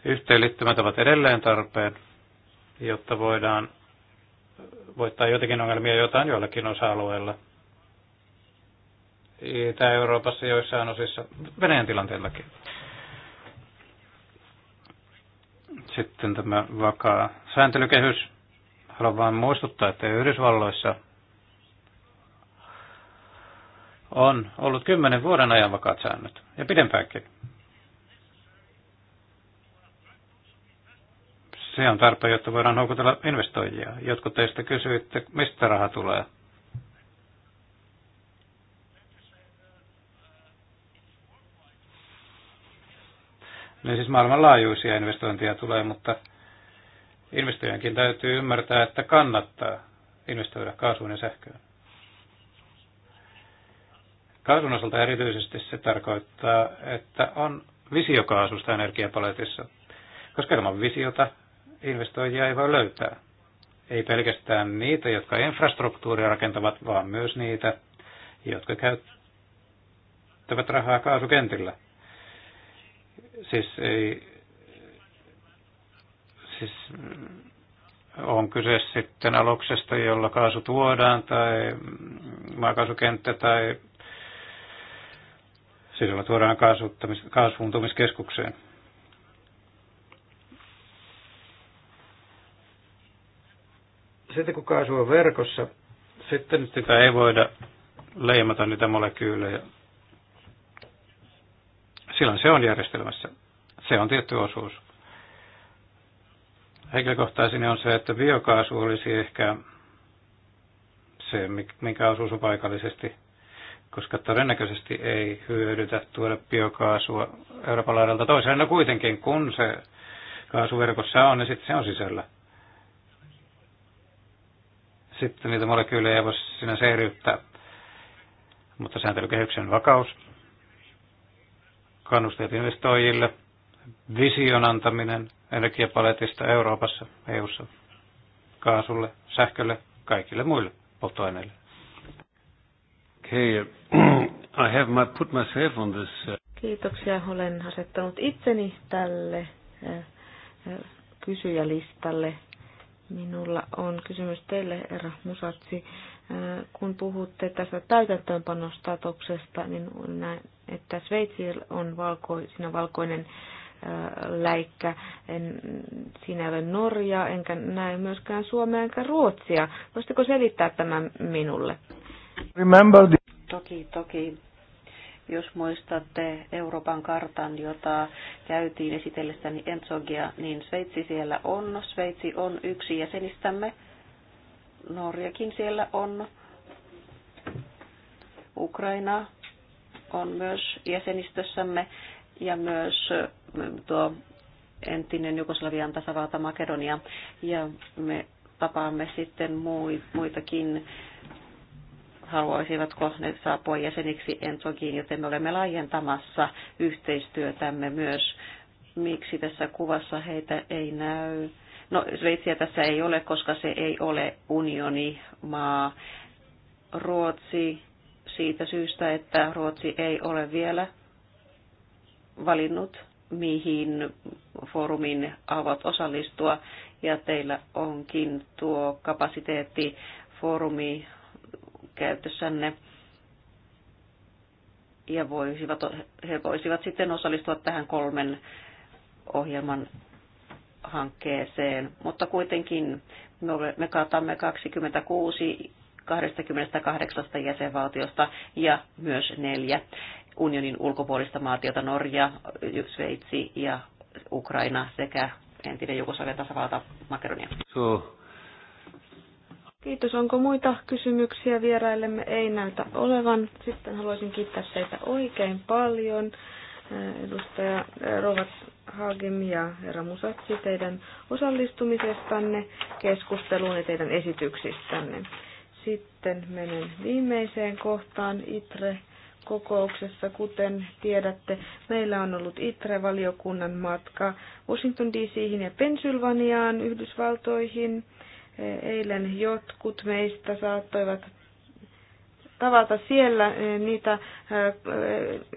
A: Yhteenliittymät ovat edelleen tarpeen, jotta voidaan voittaa jotakin ongelmia jotain joillakin osa-alueilla. Itä-Euroopassa joissain osissa Venäjän tilanteellakin. Sitten tämä vakaa sääntelykehys Haluan vain muistuttaa, että Yhdysvalloissa on ollut kymmenen vuoden ajan vakaat säännöt, ja pidempäänkin. Se on tarpeen, jotta voidaan houkutella investoijia. Jotkut teistä kysyitte, mistä raha tulee. Niin siis maailmanlaajuisia investointeja tulee, mutta investoijankin täytyy ymmärtää, että kannattaa investoida kaasuun ja sähköön. Kaasun osalta erityisesti se tarkoittaa, että on visiokaasusta energiapaletissa, koska ilman visiota investoijia ei voi löytää. Ei pelkästään niitä, jotka infrastruktuuria rakentavat, vaan myös niitä, jotka käyttävät rahaa kaasukentillä. Siis ei Siis mm, on kyse sitten aluksesta, jolla kaasu tuodaan, tai maakaasukenttä, tai siis jolla tuodaan kaasuuntumiskeskukseen. Sitten kun kaasu on verkossa, sitten sitä ei voida leimata niitä molekyylejä. Silloin se on järjestelmässä. Se on tietty osuus henkilökohtaisin on se, että biokaasu olisi ehkä se, mikä osuus on paikallisesti, koska todennäköisesti ei hyödytä tuoda biokaasua Euroopan laidalta toiseen. No kuitenkin, kun se kaasuverkossa on, niin sitten se on sisällä. Sitten niitä molekyylejä ei voi sinänsä eriyttää. Mutta sääntelykehyksen vakaus, kannusteet investoijille, vision antaminen energiapaletista Euroopassa, EUssa, kaasulle, sähkölle, kaikille muille polttoaineille. Okay. I have my, put myself on this. Uh,
B: Kiitoksia. Olen asettanut itseni tälle uh, uh, kysyjälistalle. Minulla on kysymys teille, herra Musatsi. Kun puhutte tästä täytäntöönpanostatuksesta, niin näen, että Sveitsi on valkoinen, siinä valkoinen Äh, läikkä. En, siinä ei ole Norja, enkä
C: näe myöskään Suomea enkä Ruotsia. Voisitteko selittää tämän minulle?
D: Remember the...
C: Toki, toki. Jos muistatte Euroopan kartan, jota käytiin esitellessäni Entsogia, niin Sveitsi siellä on. Sveitsi on yksi jäsenistämme. Norjakin siellä on. Ukraina on myös jäsenistössämme ja myös mm, tuo entinen Jugoslavian tasavalta Makedonia. Ja me tapaamme sitten muitakin haluaisivatko ne saapua jäseniksi Entogiin, joten me olemme laajentamassa yhteistyötämme myös. Miksi tässä kuvassa heitä ei näy? No Sveitsiä tässä ei ole, koska se ei ole unionimaa. Ruotsi siitä syystä, että Ruotsi ei ole vielä valinnut, mihin foorumin haluat osallistua, ja teillä onkin tuo kapasiteetti foorumi käytössänne ja voisivat, he voisivat sitten osallistua tähän kolmen ohjelman hankkeeseen. Mutta kuitenkin me katamme 26 28 jäsenvaltiosta ja myös neljä unionin ulkopuolista maatiota Norja, Sveitsi ja Ukraina sekä entinen Jugoslavian tasavalta Makedonia.
D: So.
B: Kiitos. Onko muita kysymyksiä vieraillemme? Ei näytä olevan. Sitten haluaisin kiittää teitä oikein paljon. Edustaja Rovat Hagem ja herra Musatsi teidän osallistumisestanne keskusteluun ja teidän esityksistänne. Sitten menen viimeiseen kohtaan, ITRE kokouksessa. Kuten tiedätte, meillä on ollut ITRE-valiokunnan matka Washington DC:hin ja Pennsylvaniaan Yhdysvaltoihin. Eilen jotkut meistä saattoivat tavata siellä eh, niitä eh,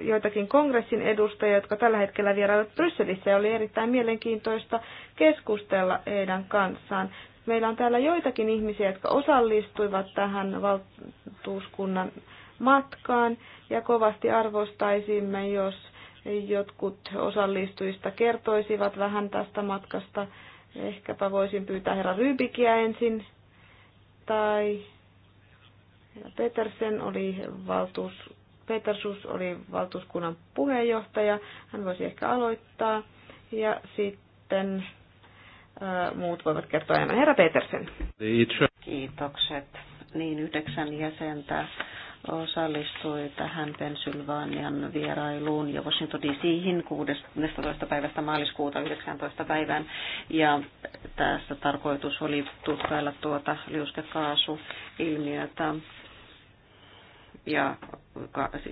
B: joitakin kongressin edustajia, jotka tällä hetkellä vierailevat Brysselissä ja oli erittäin mielenkiintoista keskustella heidän kanssaan. Meillä on täällä joitakin ihmisiä, jotka osallistuivat tähän valtuuskunnan matkaan ja kovasti arvostaisimme, jos jotkut osallistujista kertoisivat vähän tästä matkasta. Ehkäpä voisin pyytää herra Rybikiä ensin tai herra Petersen oli valtuus, Petersus oli valtuuskunnan puheenjohtaja. Hän voisi ehkä
C: aloittaa ja sitten ää, äh, muut voivat kertoa
B: enemmän.
A: Herra
C: Petersen. Kiitokset. Niin, yhdeksän jäsentä osallistui tähän Pensylvanian vierailuun ja Washington DC:hin 16. päivästä maaliskuuta 19. päivään. Ja tässä tarkoitus oli tutkailla tuota liuskekaasuilmiötä ja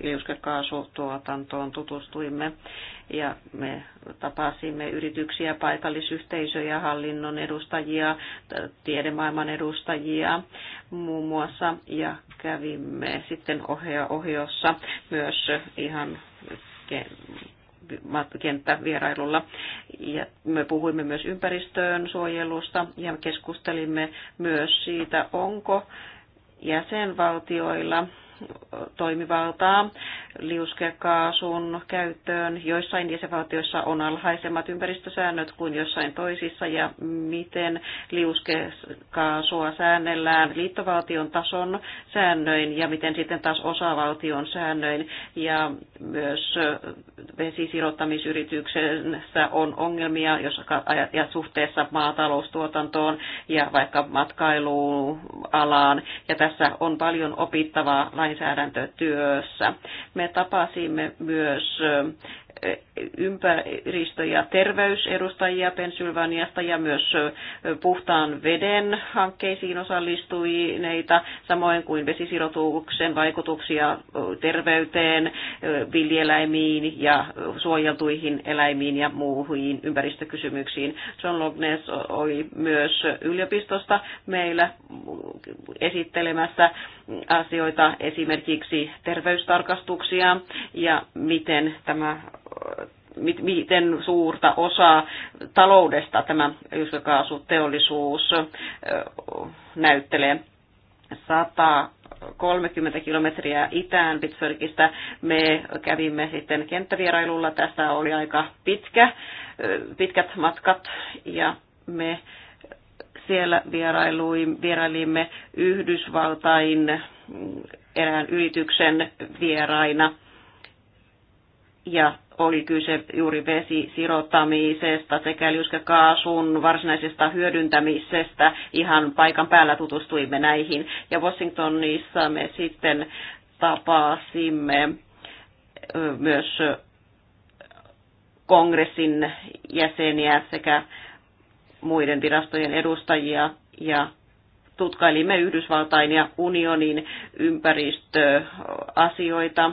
C: liuskekaasutuotantoon tutustuimme ja me tapasimme yrityksiä, paikallisyhteisöjä, hallinnon edustajia, tiedemaailman edustajia muun muassa ja kävimme sitten ohjossa myös ihan kenttävierailulla. Ja me puhuimme myös ympäristöön suojelusta ja keskustelimme myös siitä, onko jäsenvaltioilla toimivaltaa liuskekaasun käyttöön. Joissain jäsenvaltioissa on alhaisemmat ympäristösäännöt kuin jossain toisissa ja miten liuskekaasua säännellään liittovaltion tason säännöin ja miten sitten taas osavaltion säännöin ja myös vesisirottamisyrityksessä on ongelmia jos, ja suhteessa maataloustuotantoon ja vaikka matkailualaan ja tässä on paljon opittavaa lainsäädäntötyössä. Me tapasimme myös ympäristö- ja terveysedustajia Pennsylvaniasta ja myös puhtaan veden hankkeisiin osallistuneita, samoin kuin vesisirotuksen vaikutuksia terveyteen, viljeläimiin ja suojeltuihin eläimiin ja muuhun ympäristökysymyksiin. John Lognes oli myös yliopistosta meillä esittelemässä asioita, esimerkiksi terveystarkastuksia ja miten tämä miten suurta osaa taloudesta tämä kaasuteollisuus näyttelee. 130 kilometriä itään Pittsburghista. Me kävimme sitten kenttävierailulla. Tässä oli aika pitkä, pitkät matkat ja me siellä vierailimme Yhdysvaltain mm, erään yrityksen vieraina – ja oli kyse juuri vesisirottamisesta sekä liuskekaasun varsinaisesta hyödyntämisestä. Ihan paikan päällä tutustuimme näihin. Ja Washingtonissa me sitten tapasimme myös kongressin jäseniä sekä muiden virastojen edustajia ja tutkailimme Yhdysvaltain ja unionin ympäristöasioita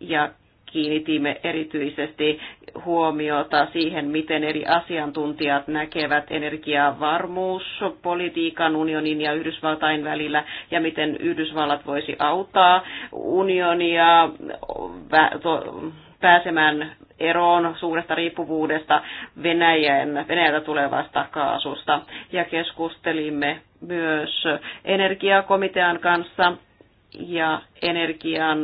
C: ja kiinnitimme erityisesti huomiota siihen, miten eri asiantuntijat näkevät energiavarmuuspolitiikan unionin ja Yhdysvaltain välillä ja miten Yhdysvallat voisi auttaa unionia pääsemään eroon suuresta riippuvuudesta Venäjän, Venäjältä tulevasta kaasusta. Ja keskustelimme myös energiakomitean kanssa ja energian,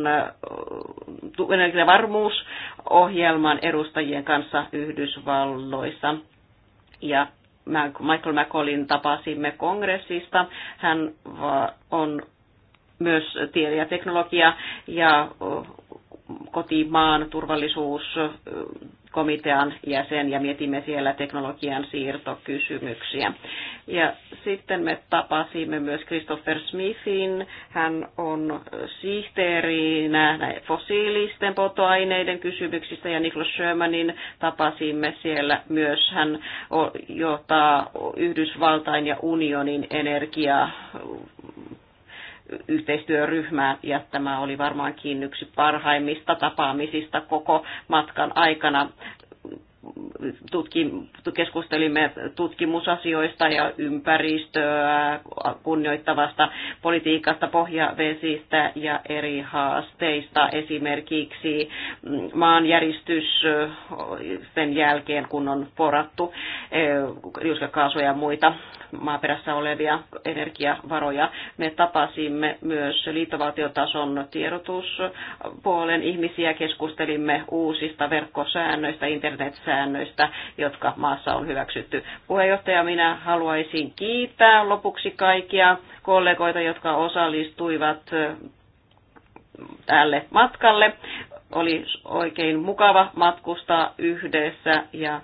C: energiavarmuusohjelman edustajien kanssa Yhdysvalloissa. Ja Michael McCollin tapasimme kongressista. Hän on myös tiede ja teknologia ja kotimaan turvallisuus komitean jäsen ja mietimme siellä teknologian siirtokysymyksiä. Ja sitten me tapasimme myös Christopher Smithin. Hän on sihteerinä fossiilisten polttoaineiden kysymyksistä ja Niklas Shermanin tapasimme siellä myös. Hän johtaa Yhdysvaltain ja unionin energia yhteistyöryhmään ja tämä oli varmaankin yksi parhaimmista tapaamisista koko matkan aikana tutki, keskustelimme tutkimusasioista ja ympäristöä kunnioittavasta politiikasta, pohjavesistä ja eri haasteista, esimerkiksi mm, maanjäristys sen jälkeen, kun on porattu liuskakaasuja e, ja muita maaperässä olevia energiavaroja. Me tapasimme myös liittovaltiotason tiedotuspuolen ihmisiä, keskustelimme uusista verkkosäännöistä internetissä säännöistä, jotka maassa on hyväksytty. Puheenjohtaja, minä haluaisin kiittää lopuksi kaikkia kollegoita, jotka osallistuivat tälle matkalle. Oli oikein mukava matkustaa yhdessä ja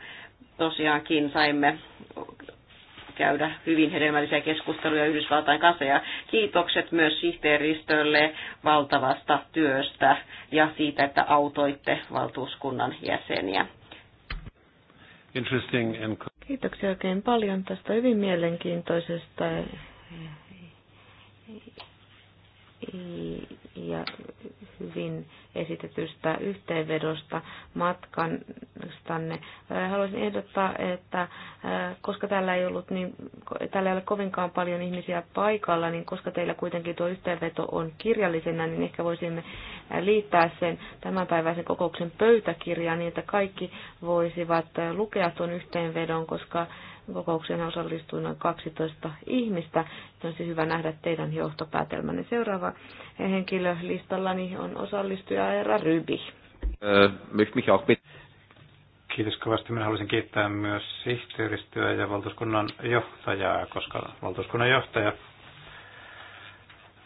C: tosiaankin saimme käydä hyvin hedelmällisiä keskusteluja Yhdysvaltain kanssa ja kiitokset myös sihteeristölle valtavasta työstä ja siitä, että autoitte valtuuskunnan jäseniä
A: interesting and...
B: Kiitoksia oikein paljon tästä hyvin mielenkiintoisesta ja hyvin esitetystä yhteenvedosta matkanstanne. Haluaisin ehdottaa, että koska täällä ei, ollut niin, täällä ei ole kovinkaan paljon ihmisiä paikalla, niin koska teillä kuitenkin tuo yhteenveto on kirjallisena, niin ehkä voisimme liittää sen tämänpäiväisen kokouksen pöytäkirjaan niin, että kaikki voisivat lukea tuon yhteenvedon, koska Kokoukseen osallistui noin 12 ihmistä. Se on siis hyvä nähdä teidän johtopäätelmänne. Seuraava henkilö listallani on osallistuja Eera Rybi.
A: Äh, Kiitos kovasti. Minä haluaisin kiittää myös sihteeristöä ja valtuuskunnan johtajaa, koska valtuuskunnan johtaja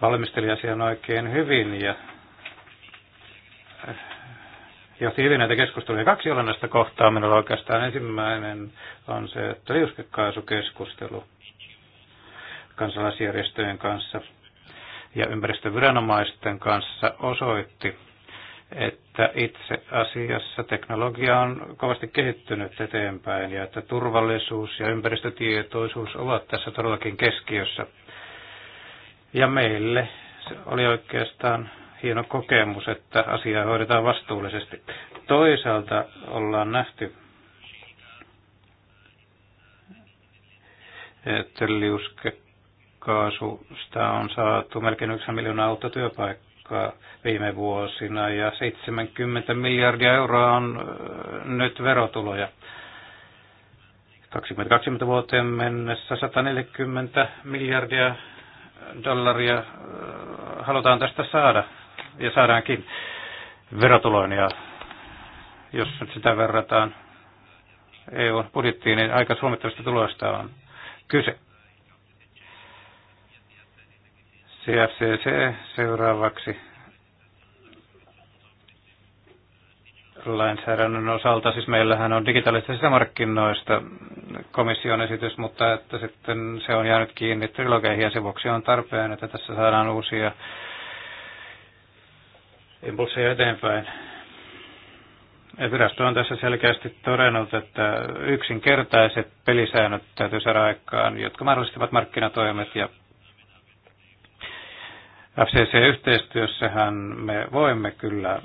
A: valmisteli asian oikein hyvin ja johti hyvin näitä keskusteluja. Kaksi olennaista kohtaa minulla oikeastaan. Ensimmäinen on se, että liuskekaasukeskustelu kansalaisjärjestöjen kanssa ja ympäristöviranomaisten kanssa osoitti, että itse asiassa teknologia on kovasti kehittynyt eteenpäin ja että turvallisuus ja ympäristötietoisuus ovat tässä todellakin keskiössä. Ja meille se oli oikeastaan hieno kokemus, että asiaa hoidetaan vastuullisesti. Toisaalta ollaan nähty, että on saatu melkein 9 miljoonaa uutta työpaikkaa viime vuosina ja 70 miljardia euroa on äh, nyt verotuloja. 2020 vuoteen mennessä 140 miljardia dollaria äh, halutaan tästä saada ja saadaankin verotuloin. Ja jos nyt sitä verrataan eu budjettiin, niin aika suomittavista tuloista on kyse. CFCC seuraavaksi lainsäädännön osalta. Siis meillähän on digitaalisista sisämarkkinoista komission esitys, mutta että sitten se on jäänyt kiinni trilogeihin ja sen vuoksi on tarpeen, että tässä saadaan uusia impulseja eteenpäin. Virasto on tässä selkeästi todennut, että yksinkertaiset pelisäännöt täytyy saada aikaan, jotka mahdollistavat markkinatoimet ja FCC-yhteistyössähän me voimme kyllä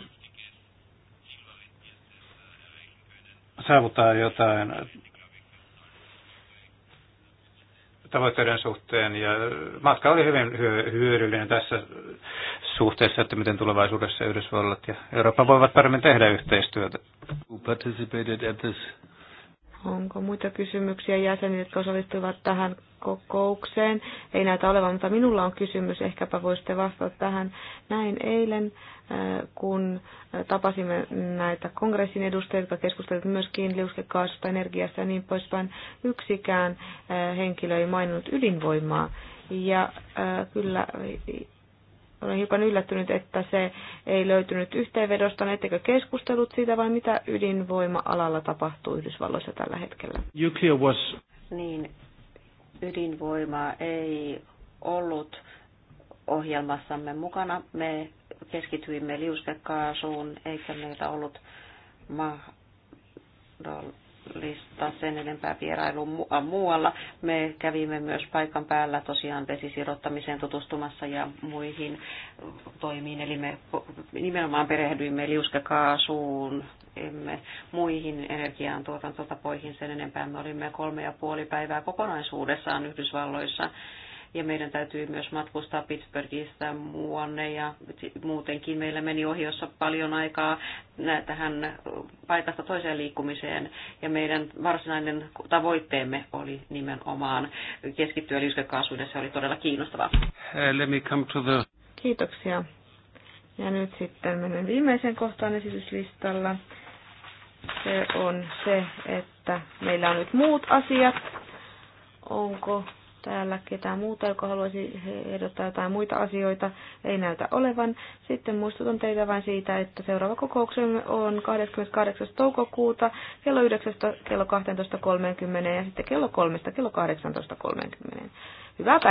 A: saavuttaa jotain tavoitteiden suhteen ja matka oli hyvin hyödyllinen tässä suhteessa, että miten tulevaisuudessa Yhdysvallat ja Eurooppa voivat paremmin tehdä yhteistyötä.
B: Onko muita kysymyksiä jäsenille, jotka osallistuivat tähän kokoukseen? Ei näitä olevan, mutta minulla on kysymys. Ehkäpä voisitte vastata tähän. Näin eilen Äh, kun äh, tapasimme näitä kongressin edustajia, jotka keskustelivat myöskin liuskekaasusta, energiasta ja niin poispäin, yksikään äh, henkilö ei maininnut ydinvoimaa. Ja kyllä olen hiukan yllättynyt, että se ei löytynyt yhteenvedosta. Ettekö keskustelut siitä vai mitä ydinvoima-alalla tapahtuu Yhdysvalloissa tällä hetkellä?
D: Nuclear was...
C: Niin, ydinvoimaa ei ollut ohjelmassamme mukana. Me keskityimme liuskekaasuun, eikä meiltä ollut mahdollista sen enempää vierailun äh, muualla. Me kävimme myös paikan päällä tosiaan vesisirottamiseen tutustumassa ja muihin toimiin, eli me nimenomaan perehdyimme liuskekaasuun emme muihin energiaan tuotantotapoihin sen enempää. Me olimme kolme ja puoli päivää kokonaisuudessaan Yhdysvalloissa ja meidän täytyy myös matkustaa Pittsburghista muuanne ja muutenkin meillä meni ohiossa paljon aikaa tähän paikasta toiseen liikkumiseen ja meidän varsinainen tavoitteemme oli nimenomaan keskittyä liuskekaasuun ja se oli todella kiinnostavaa. Eh, let me come to the...
B: Kiitoksia. Ja nyt sitten menen viimeiseen kohtaan esityslistalla. Se on se, että meillä on nyt muut asiat. Onko täällä ketään muuta, joka haluaisi ehdottaa jotain muita asioita, ei näytä olevan. Sitten muistutan teitä vain siitä, että seuraava kokouksemme on 28. toukokuuta kello 9 kello 12.30 ja sitten kello 3 kello 18.30. Hyvää päivää!